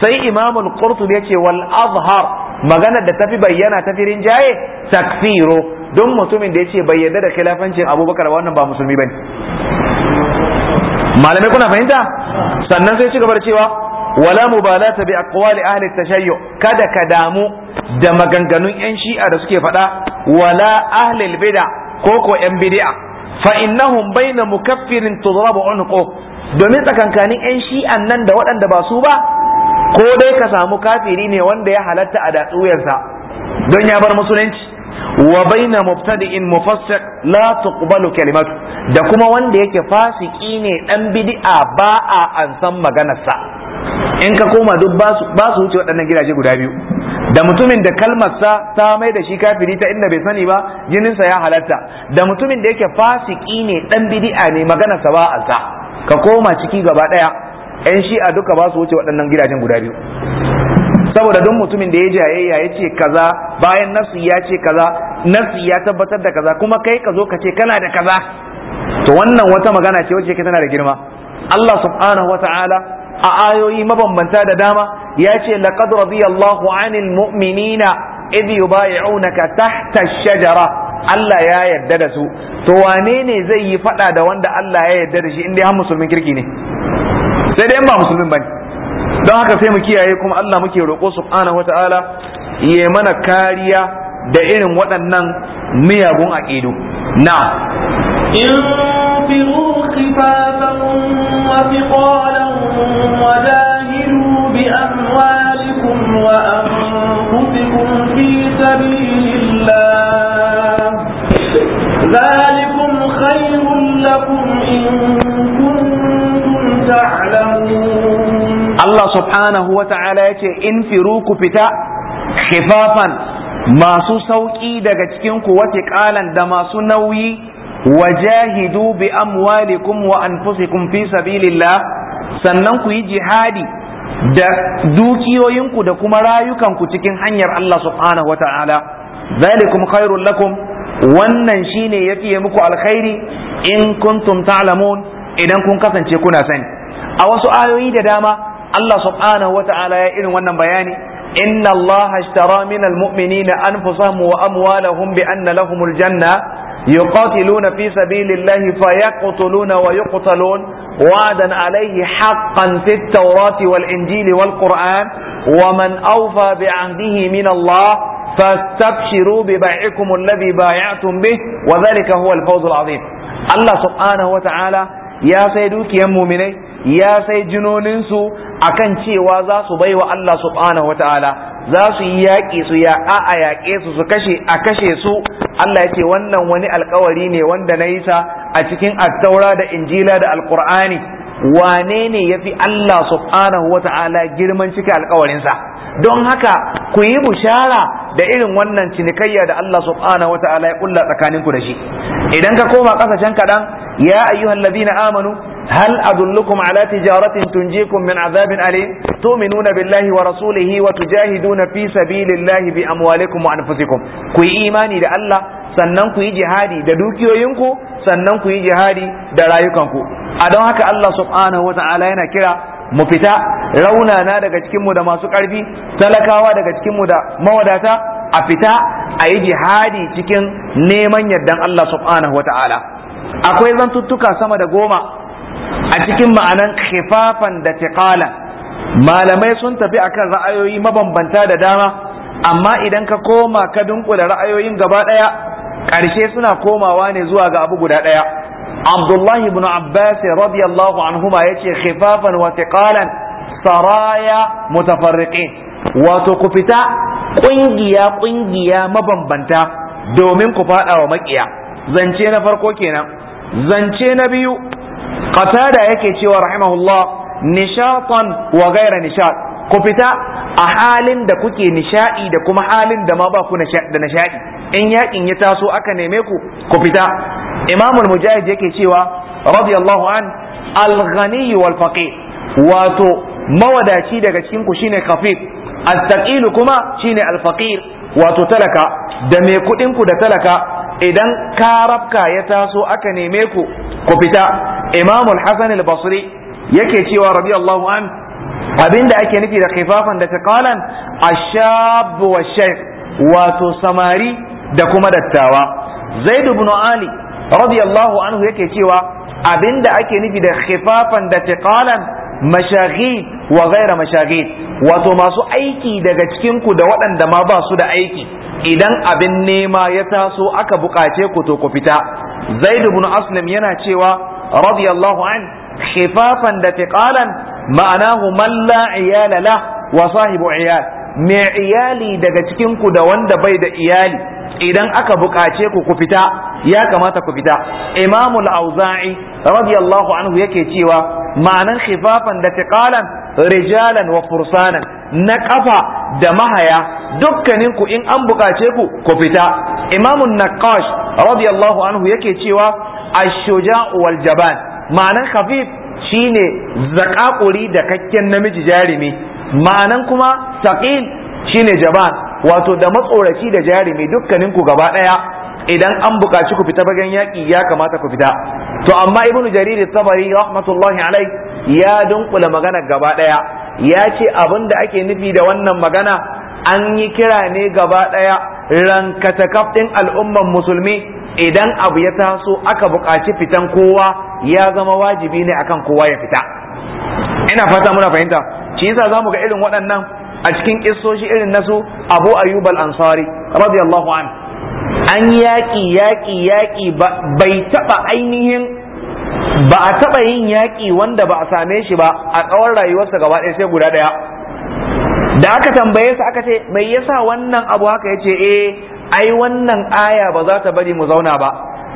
sai imamul qurtubi yace wal azhar maganar da tafi bayyana tafi jaye? takfiro don mutumin da yace bai yarda da khilafancin abubakar wannan ba musulmi bane malamai kuna fahimta sannan sai ci gaba da cewa wala mubalata bi aqwali ahli tashayyu kada ka damu da maganganun yan shi'a da suke faɗa wala ahli bid'a koko yan bid'a fa innahum baina mukaffirin tudrabu unqu domin tsakankanin yan shi'an nan da waɗanda ba su ba ko dai ka samu kafiri ne wanda ya halatta a sa. don ya bar musulunci wa baina mubtadi'in mufassiq la tuqbalu kalimatu da kuma wanda yake fasiki ne dan bid'a ba a ansan maganarsa in ka koma duk ba su wuce waɗannan gidaje guda biyu da mutumin da kalmarsa ta mai da shi kafiri ta inda bai sani ba jininsa ya halatta da mutumin da yake fasiki ne dan bid'a ne magana sa ba sa, ka koma ciki gaba daya yan shi'a duka ba su wuce waɗannan gidajen guda biyu saboda duk mutumin da ya jayayya ya ce kaza bayan nafsi ya ce kaza nafsi ya tabbatar da kaza kuma kai ka zo ka ce kana da kaza to wannan wata magana ce wacce ke tana da girma Allah subhanahu ta'ala a ayoyi mabambanta da dama ya ce laqad radiyallahu anil mu'minina idh yubay'unaka tahta ash-shajara Allah ya yarda da su to wane ne zai yi fada da wanda Allah ya yarda da shi in dai musulmin kirki ne sai dai ba musulmin bane don haka sai mu kiyaye kuma Allah muke roƙo subhanahu wataala ya mana kariya da irin waɗannan miyagun aƙidu na khifafan وثقالا وجاهدوا بأموالكم وأنفسكم في سبيل الله ذلكم خير لكم إن كنتم تعلمون الله سبحانه وتعالى انفروا كفتا خفافا masu sauƙi daga cikinku wata ƙalan da masu nauyi wajahidu bi amwalikum wa anfusikum fi sabilillah sannan ku yi jihadi da dukiyoyinku da kuma rayukanku cikin hanyar Allah subhanahu wata'ala zalikum khairul lakum wannan shine yafiye muku alkhairi in kuntum ta'lamun idan kun kasance kuna sani a wasu ayoyi da dama Allah subhanahu wata'ala ya irin wannan bayani inna Allah ashtara minal mu'minina mu wa amwalahum bi anna lahumul janna يقاتلون في سبيل الله فيقتلون ويقتلون وعدا عليه حقا في التوراة والإنجيل والقرآن ومن أوفى بعهده من الله فاستبشروا ببيعكم الذي بايعتم به وذلك هو الفوز العظيم الله سبحانه وتعالى يا سيدوك يا مؤمنين يا سيد جنون انسوا أكن شيء za سبحانه وتعالى za su yi yaƙi su ya a a yaƙe su su kashe a kashe su Allah ya ce wannan wani alkawari ne wanda na yi sa a cikin attaura da injila da Alƙur'ani. wane ne ya fi Allah subhanahu wa ta'ala girman cika alkawarinsa don haka ku yi bushara da irin wannan cinikayya da Allah subhanahu wataala ya kulla tsakaninku da shi idan ka koma kasashen kaɗan ya ayyuhal ladina amanu hal adullukum ala tijaratin tunjikum min azabin alim tu'minuna billahi wa rasulihi wa tujahiduna fi sabilillahi bi amwalikum wa anfusikum ku imani da Allah sannan ku yi jihadi da dukiyoyinku sannan ku yi jihadi da rayukanku a don haka Allah subhanahu wataala yana kira mu fita raunana daga cikinmu da masu ƙarfi talakawa daga cikinmu da mawadata a fita a yi jihadi cikin neman yardan Allah subhanahu wa ta'ala akwai zantuttuka sama da goma a cikin ma'anan khifafan da tiqalan malamai sun tafi akan ra'ayoyi mabambanta da dama amma idan ka koma ka dunkula ra'ayoyin gaba ɗaya ƙarshe suna komawa ne zuwa ga abu guda ɗaya Abdullahi ibn Abbas radiyallahu anhuma yace khifafan wa tiqalan saraya mu mutafarriqin wato ku fita ƙungiya kungiya mabambanta domin ku fada wa makiya zance na farko kenan zance na biyu qatada yake cewa rahimahullah nishatan wa gaira nishat ku fita a halin da kuke nishaɗi da kuma halin da ma ku da nishadi in yakin ya taso aka neme ku ku fita imamul mujahid yake cewa radiyallahu an al-ghani wal wato mawadaci daga cikin ku shine kafif al kuma shine al-faqir wato talaka da mai kudin ku da talaka idan karabka ya taso aka neme ku ku fita imamul hasan al-basri yake cewa radiyallahu an abinda ake nufi da kifafan da taqalan ash-shab wa wato samari da kuma dattawa zaid ibn ali radiyallahu anhu yake cewa abinda ake nufi da khifafan da tiqalan mashaghid wa ghaira mashaghid wato masu aiki daga cikin ku da waɗanda ma basu da aiki idan abin nema ya taso aka buƙace ku to ku fita Zaidu ibn aslam yana cewa radiyallahu an khifafan da tiqalan ma'anahu man la iyala lah wa sahibu iyal mai iyali daga cikin ku da wanda bai da iyali idan aka buƙace ku ku fita ya kamata ku fita imamul auza'i radiyallahu anhu yake cewa ma'anan khifafan da tiqalan rijalan wa fursanan na kafa da mahaya dukkanin ku in an buƙace ku ku fita imamun naqash radiyallahu anhu yake cewa ash-shuja'u wal jaban ma'anan khafif shine zakakuri da kakken namiji jarumi ma'anan kuma saqil shine jaban wato da matsoraci da jarumi dukkanin ku gaba daya idan an bukaci ku fita bagan yaki ya kamata ku fita to amma ibnu jarir sabari rahmatullahi alai ya dunkula magana gaba daya ya ce abin da ake nufi da wannan magana an yi kira ne gaba daya rankatakaf kaftin al'umman musulmi idan abu ya taso aka bukaci fitan kowa ya zama wajibi ne akan kowa ya fita ina fata muna fahimta shi yasa zamu ga irin waɗannan a cikin kissoshi irin nasu Abu Ayyub al-Ansari radiyallahu an an yaƙi yaƙi yaƙi bai taɓa ainihin ba a taɓa yin yaƙi wanda ba a same shi ba a tsawon rayuwarsa gaba ɗaya sai guda ɗaya da aka tambaye su aka ce mai yasa wannan abu haka yace eh ai wannan aya ba za ta bari mu zauna ba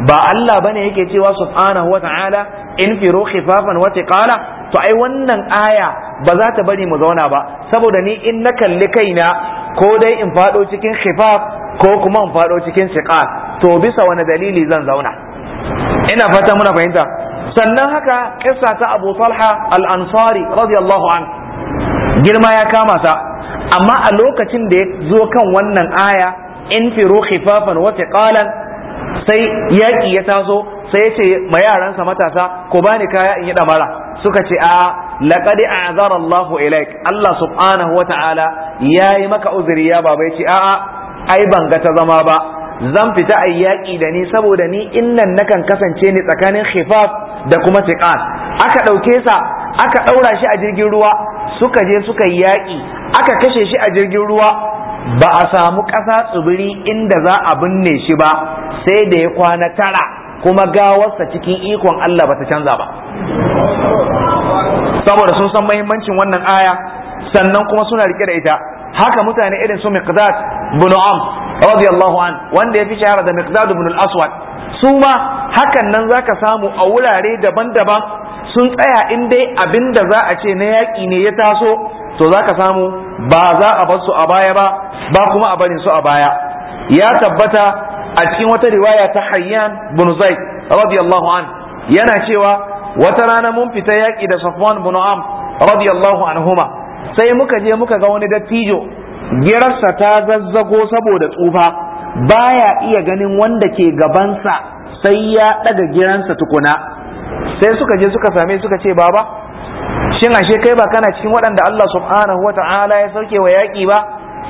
ba Allah bane yake cewa subhanahu wa ta'ala in ruhi khifafan wa tiqala to ai wannan aya ba za ta bari mu zauna ba saboda ni in na kalli kaina ko dai in faɗo cikin khifaf ko kuma in faɗo cikin shiqaq to bisa wani dalili zan zauna ina fata muna fahimta sannan haka kissa ta Abu Talha al-Ansari radiyallahu an girma ya kama ta amma a lokacin da ya zo kan wannan aya in firu khifafan wa thiqalan sai yaƙi ya taso sai ce ma yaransa matasa ko bani kaya in yi damara suka ce a laqad a'zara Allah ilaik Allah subhanahu wa yayi maka uzuri ya baba ya ce a ai ban ga ta zama ba zan fita a yaƙi da ni saboda ni innan nakan kasance ni tsakanin khifaf da kuma tiqat aka ɗauke sa aka ɗaura shi a jirgin ruwa suka je suka yi yaƙi aka kashe shi a jirgin ruwa ba a samu ƙasa tsibiri inda za a binne shi ba sai da ya kwana tara kuma gawarsa cikin ikon Allah ba ta canza ba saboda sun san mahimmancin wannan aya sannan kuma suna rike da ita haka mutane irin su miqdad bin am radiyallahu an wanda ya fi shahara da miqdad bin al-aswad su ma hakan nan zaka samu a wurare daban-daban sun tsaya in dai abinda za a ce na yaƙi ne ya taso to zaka samu ba za a bar su a baya ba ba kuma a barin su a baya ya tabbata a cikin wata riwaya ta Hayyan bin Zaid radiyallahu an yana cewa wata rana mun fita yaƙi da Safwan bin Am radiyallahu anhuma sai muka je muka ga wani dattijo girarsa ta zazzago saboda tsufa baya iya ganin wanda ke gabansa sai ya ɗaga giransa tukuna sai suka je suka same suka ce baba shin ashe kai ba kana cikin waɗanda Allah subhanahu wa ta'ala ya sauke wa yaƙi ba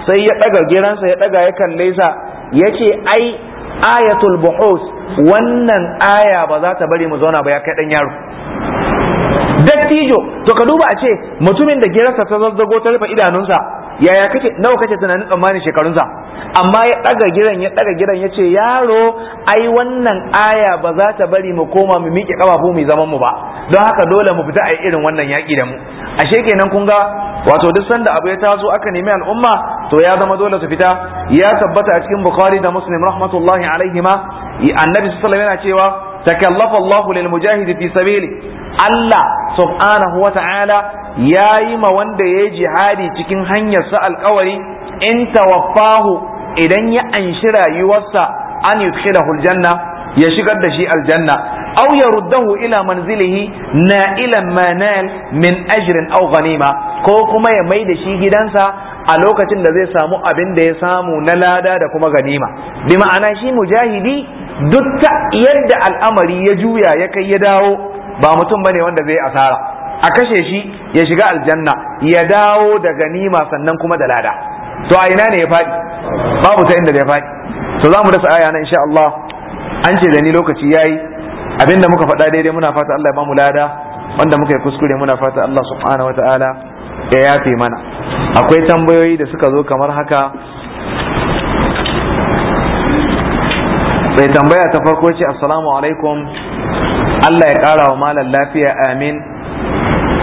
sai ya ɗaga giransa ya ɗaga ya kalle sa ya ce ai ayatul buhus wannan aya ba za ta bari mu zauna ba ya kai dan yaro dattijo to ka duba a ce mutumin da gerarsa ta zazzago ta rufe idanunsa yaya kake nawa kake tunanin tsammanin shekarunsa amma ya daga gidan ya daga gidan ya ce yaro ai wannan aya ba za ta bari mu koma mu miƙe kafafu mu zaman mu ba don haka dole mu fita a irin wannan yaƙi da mu ashe kenan kun ga wato duk sanda abu ya taso aka nemi al'umma to ya zama dole su fita ya tabbata a cikin bukhari da muslim rahmatullahi alaihima annabi sallallahu yana cewa takallafa Allah lil mujahid fi sabili Allah subhanahu wa ta'ala yayi ma wanda yayi jihadi cikin hanyar sa alƙawari in tawaffahu idan ya anshi rayuwarsa an yudkhilahu aljanna ya shigar da shi aljanna aw ruddahu ila manzilihi ila manal min ajrin aw ghanima ko kuma ya mai da shi gidansa a lokacin da zai samu abin da ya samu na lada da kuma ganima bi ma'ana shi mujahidi duk ta yadda al'amari ya juya ya kai ya dawo ba mutum bane wanda zai asara a kashe shi ya shiga aljanna ya dawo da ganima sannan kuma da lada to a ina ne ya faɗi babu ta inda da ya faɗi to za mu dasa aya na insha Allah an ce da ni lokaci yayi abinda muka faɗa daidai muna fata Allah ya mu lada wanda muka yi kuskure muna fata Allah subhanahu ta'ala ya yafe mana akwai tambayoyi da suka zo kamar haka bai tambaya ta farko ce assalamu alaikum Allah ya ƙara wa malam lafiya amin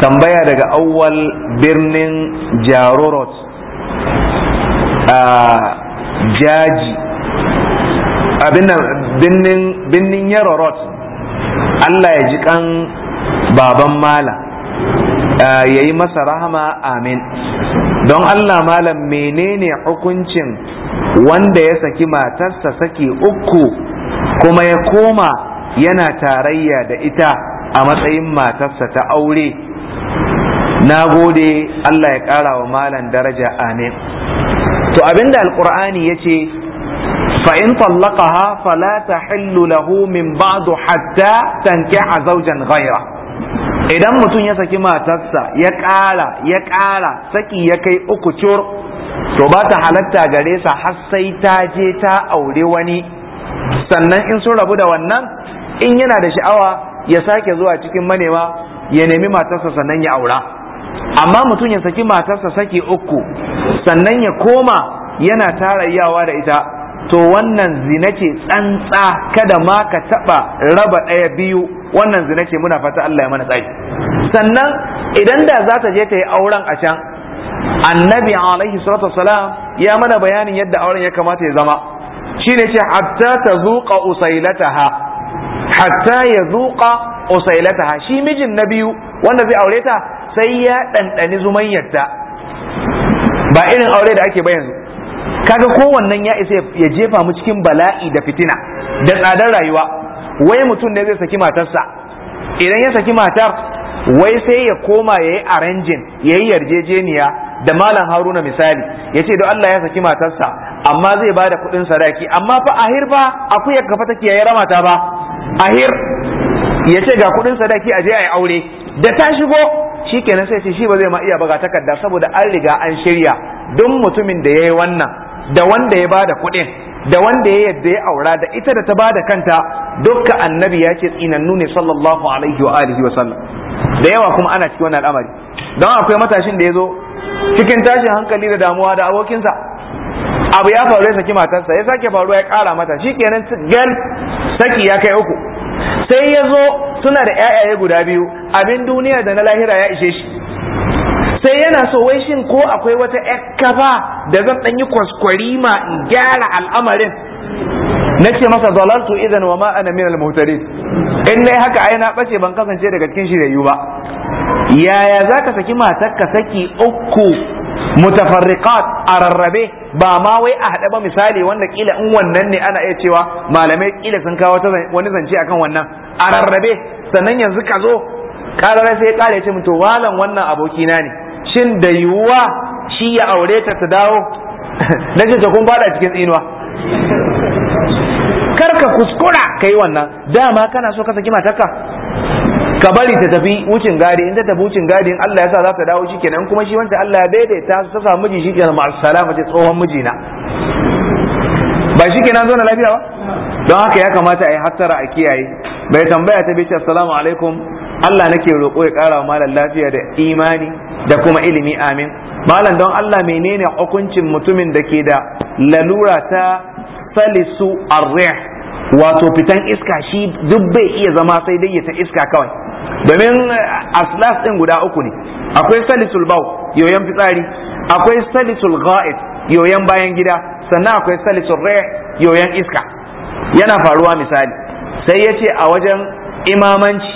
tambaya daga awwal birnin jarorot a jaji abin binnin binnin yarorot Allah ya ji kan baban mala ah, ya yi masa rahama amin don Allah malam menene hukuncin wanda ya saki matarsa saki uku kuma ya koma yana tarayya da ita a matsayin matarsa ta aure na gode Allah ya ƙara wa malam daraja amin to abinda alkur'ani ya ce fa in tallaqaha fala tahillu lahu min ba'du hatta a zawjan ghayra idan mutum ya saki matarsa ya ƙara ya ƙara saki ya kai uku cur to ba ta halatta gare sa har sai ta je ta aure wani sannan in sun rabu da wannan in yana da sha'awa ya sake zuwa cikin manema ya nemi matarsa sannan ya aura amma mutum ya saki matarsa saki uku sannan ya koma yana tarayyawa da ita to wannan zina ce tsantsa kada ma ka taɓa raba ɗaya biyu wannan zina ce muna fata Allah ya mana tsari sannan idan da za ta je ta yi auren a can annabi alaihi salatu salam ya mana bayanin yadda auren ya kamata ya zama shine ce hatta ta zuƙa usailataha hatta ya zuƙa usailataha shi mijin na biyu wanda zai aure ta sai ya ɗanɗani zumanyarta ba irin aure da ake ba yanzu kaga kowannan ya isa ya jefa mu cikin bala'i da fitina da tsadar rayuwa wai mutum ne zai saki matarsa idan ya saki matar wai sai ya koma ya yi arrangin ya yi yarjejeniya da malam haruna misali ya ce don allah ya saki matarsa amma zai ba da kuɗin sadaki amma fa ahir ba akuyar kafa take ya rama ta ba ahir ya ce ga kuɗin sadaki a je a yi aure da ta shigo shi kenan sai shi ba zai ma iya baga takarda saboda an riga an shirya duk mutumin da yayi wannan da wanda ya bada kuɗin da wanda ya yadda ya aura da ita da ta bada kanta dukka annabi ya ce tsinannu ne sallallahu alaihi wa alihi wa sallam da yawa kuma ana cikin wannan al'amari don akwai matashin da ya zo cikin tashin hankali da damuwa da abokinsa abu ya faru ya saki matarsa ya sake faruwa ya kara mata shi kenan gal saki ya kai uku sai ya zo suna da 'ya'yaye guda biyu abin duniya da na lahira ya ishe shi sai yana so wai shin ko akwai wata kafa da zan ɗan yi kwaskwarima in gyara al'amarin na ce masa zalaltu idan wa ma ana al muhtadin in nayi haka ai na bace ban kasance daga cikin shiryayyu ba yaya zaka saki matar ka saki uku mutafarriqat a rarrabe ba ma wai a haɗa ba misali wanda kila in wannan ne ana iya cewa malamai kila sun kawo wani zance akan wannan a rarrabe sannan yanzu ka zo ƙararra sai ya kare ce to walan wannan abokina ne shin da yiwuwa shi ya aure ta ta dawo na jin kun bada cikin tsinuwa kar ka kuskura kai wannan dama kana so ka saki matarka ka bari ta tafi wucin gadi in ta tafi wucin gadi in Allah ya sa za ta dawo kenan. kuma shi wanda Allah ya daidaita su ta samu miji shikenan ma salama ce tsohon mijina ba shikenan zo na lafiya ba don haka ya kamata a yi hattara a kiyaye bai tambaya ta bi ce assalamu alaikum Allah nake roƙo ya ƙara wa malam lafiya da imani da kuma ilimi amin malam don Allah menene hukuncin mutumin da ke da lalura ta salisu arrih wato fitan iska shi duk bai iya zama sai dai ya ta iska kawai domin eh, aslas din guda uku ne akwai salisul bau yoyon fitsari akwai salisul ga'id yoyon bayan gida sannan akwai salisul rih yoyon iska yana faruwa misali sai ya ce a wajen imamanci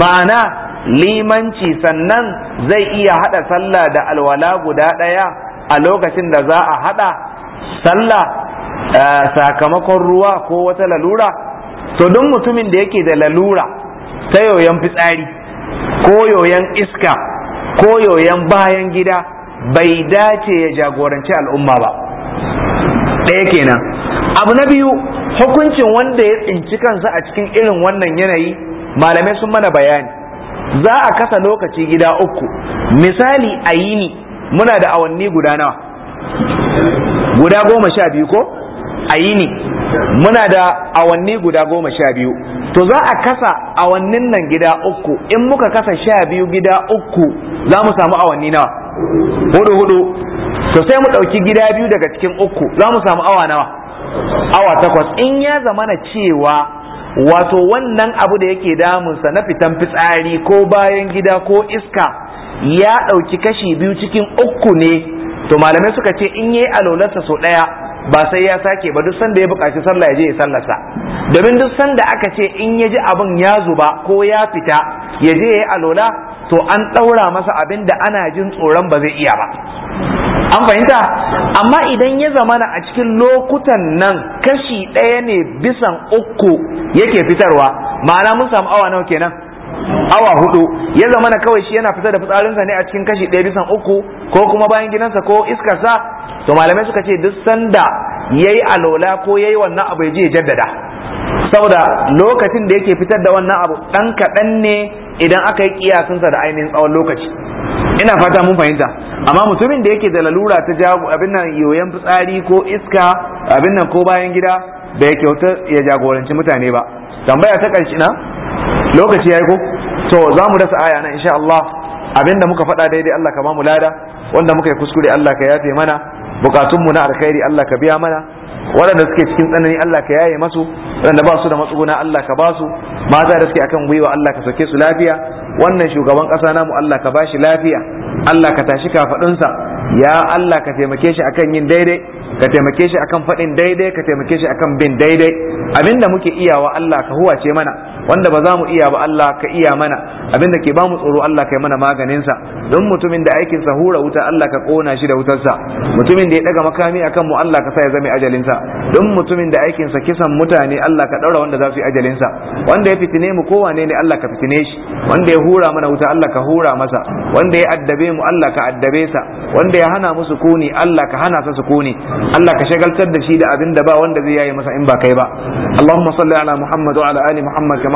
ma'ana limanci sannan zai iya haɗa sallah da alwala guda ɗaya a lokacin da za a haɗa sallah eh, sakamakon ruwa ko wata lalura to duk mutumin da yake da lalura ta yoyon fitsari ko yoyon iska ko yoyon bayan gida bai dace ya jagoranci al'umma ba ɗaya kenan abu na biyu hukuncin wanda ya tsinci kansa a cikin irin wannan yanayi malamai sun mana bayani za a kasa lokaci gida uku misali a yini muna da awanni guda nawa guda goma sha biyu ko a yini muna da awanni guda goma sha biyu to za a kasa awannin nan gida uku in muka kasa sha biyu gida uku za mu samu awanni nawa hudu hudu to sai mu ɗauki gida biyu daga cikin uku za mu samu awa nawa awa takwas in ya zamana cewa wato wannan abu da yake damunsa na fitan fitsari ko bayan gida ko iska ya ɗauki kashi biyu cikin uku ne to malamai suka ce in yi alolarsa sau ɗaya ba sai ya sake ba duk sanda ya buƙaci sallah ya je ya sallarsa domin duk sanda aka ce in ya ji abin ya zuba ko ya fita ya je ya yi alola to an ɗaura masa abin da ana jin tsoron ba zai iya ba an fahimta amma idan ya zamana a cikin lokutan nan kashi ɗaya ne bisan uku yake fitarwa ma'ana mun samu awa nawa kenan awa hudu ya zamana kawai shi yana fitar da fitsarinsa ne a cikin kashi ɗaya bisan uku ko kuma bayan gidansa ko iskarsa to malamai suka ce duk sanda ya yi alola ko ya yi wannan abu ya je ya jaddada saboda lokacin da yake fitar da wannan abu ɗan kaɗan ne idan aka yi kiyasinsa da ainihin tsawon lokaci ina fata mun fahimta amma mutumin da yake da lalura ta jago abin nan yoyon fitsari ko iska abin nan ko bayan gida da yake kyauta ya jagoranci mutane ba tambaya ta karshe na lokaci yayi ko to za mu dasa aya na insha Allah abin da muka faɗa daidai Allah ka ba mu lada wanda muka yi kuskure Allah ka yafe mana bukatunmu na alkhairi Allah ka biya mana waɗanda suke cikin tsanani Allah ka yaye masu waɗanda ba su da matsuguna Allah ka ba su mata da suke akan gwiwa Allah ka sake su lafiya wannan shugaban ƙasa namu Allah ka bashi lafiya Allah ka tashi kafaɗunsa ya Allah ka taimake shi akan yin daidai ka taimake shi akan faɗin daidai ka taimake shi akan bin daidai abinda muke iyawa Allah ka huwace mana wanda ba za mu iya ba Allah ka iya mana abin da ke ba mu tsoro Allah ka yi mana maganinsa don mutumin da aikin sa hura wuta Allah ka kona shi da wutarsa mutumin da ya daga makami akan mu Allah ka sa ya zame ajalinsa don mutumin da aikin sa kisan mutane Allah ka daura wanda za su yi ajalinsa wanda ya fitine mu kowane ne Allah ka fitine shi wanda ya hura mana wuta Allah ka hura masa wanda ya addabe mu Allah ka addabe sa wanda ya hana musu kuni Allah ka hana sa Kuni. Allah ka shagaltar da shi da abin da ba wanda zai yayi masa in ba kai ba Allahumma salli ala Muhammad wa ala ali Muhammad kama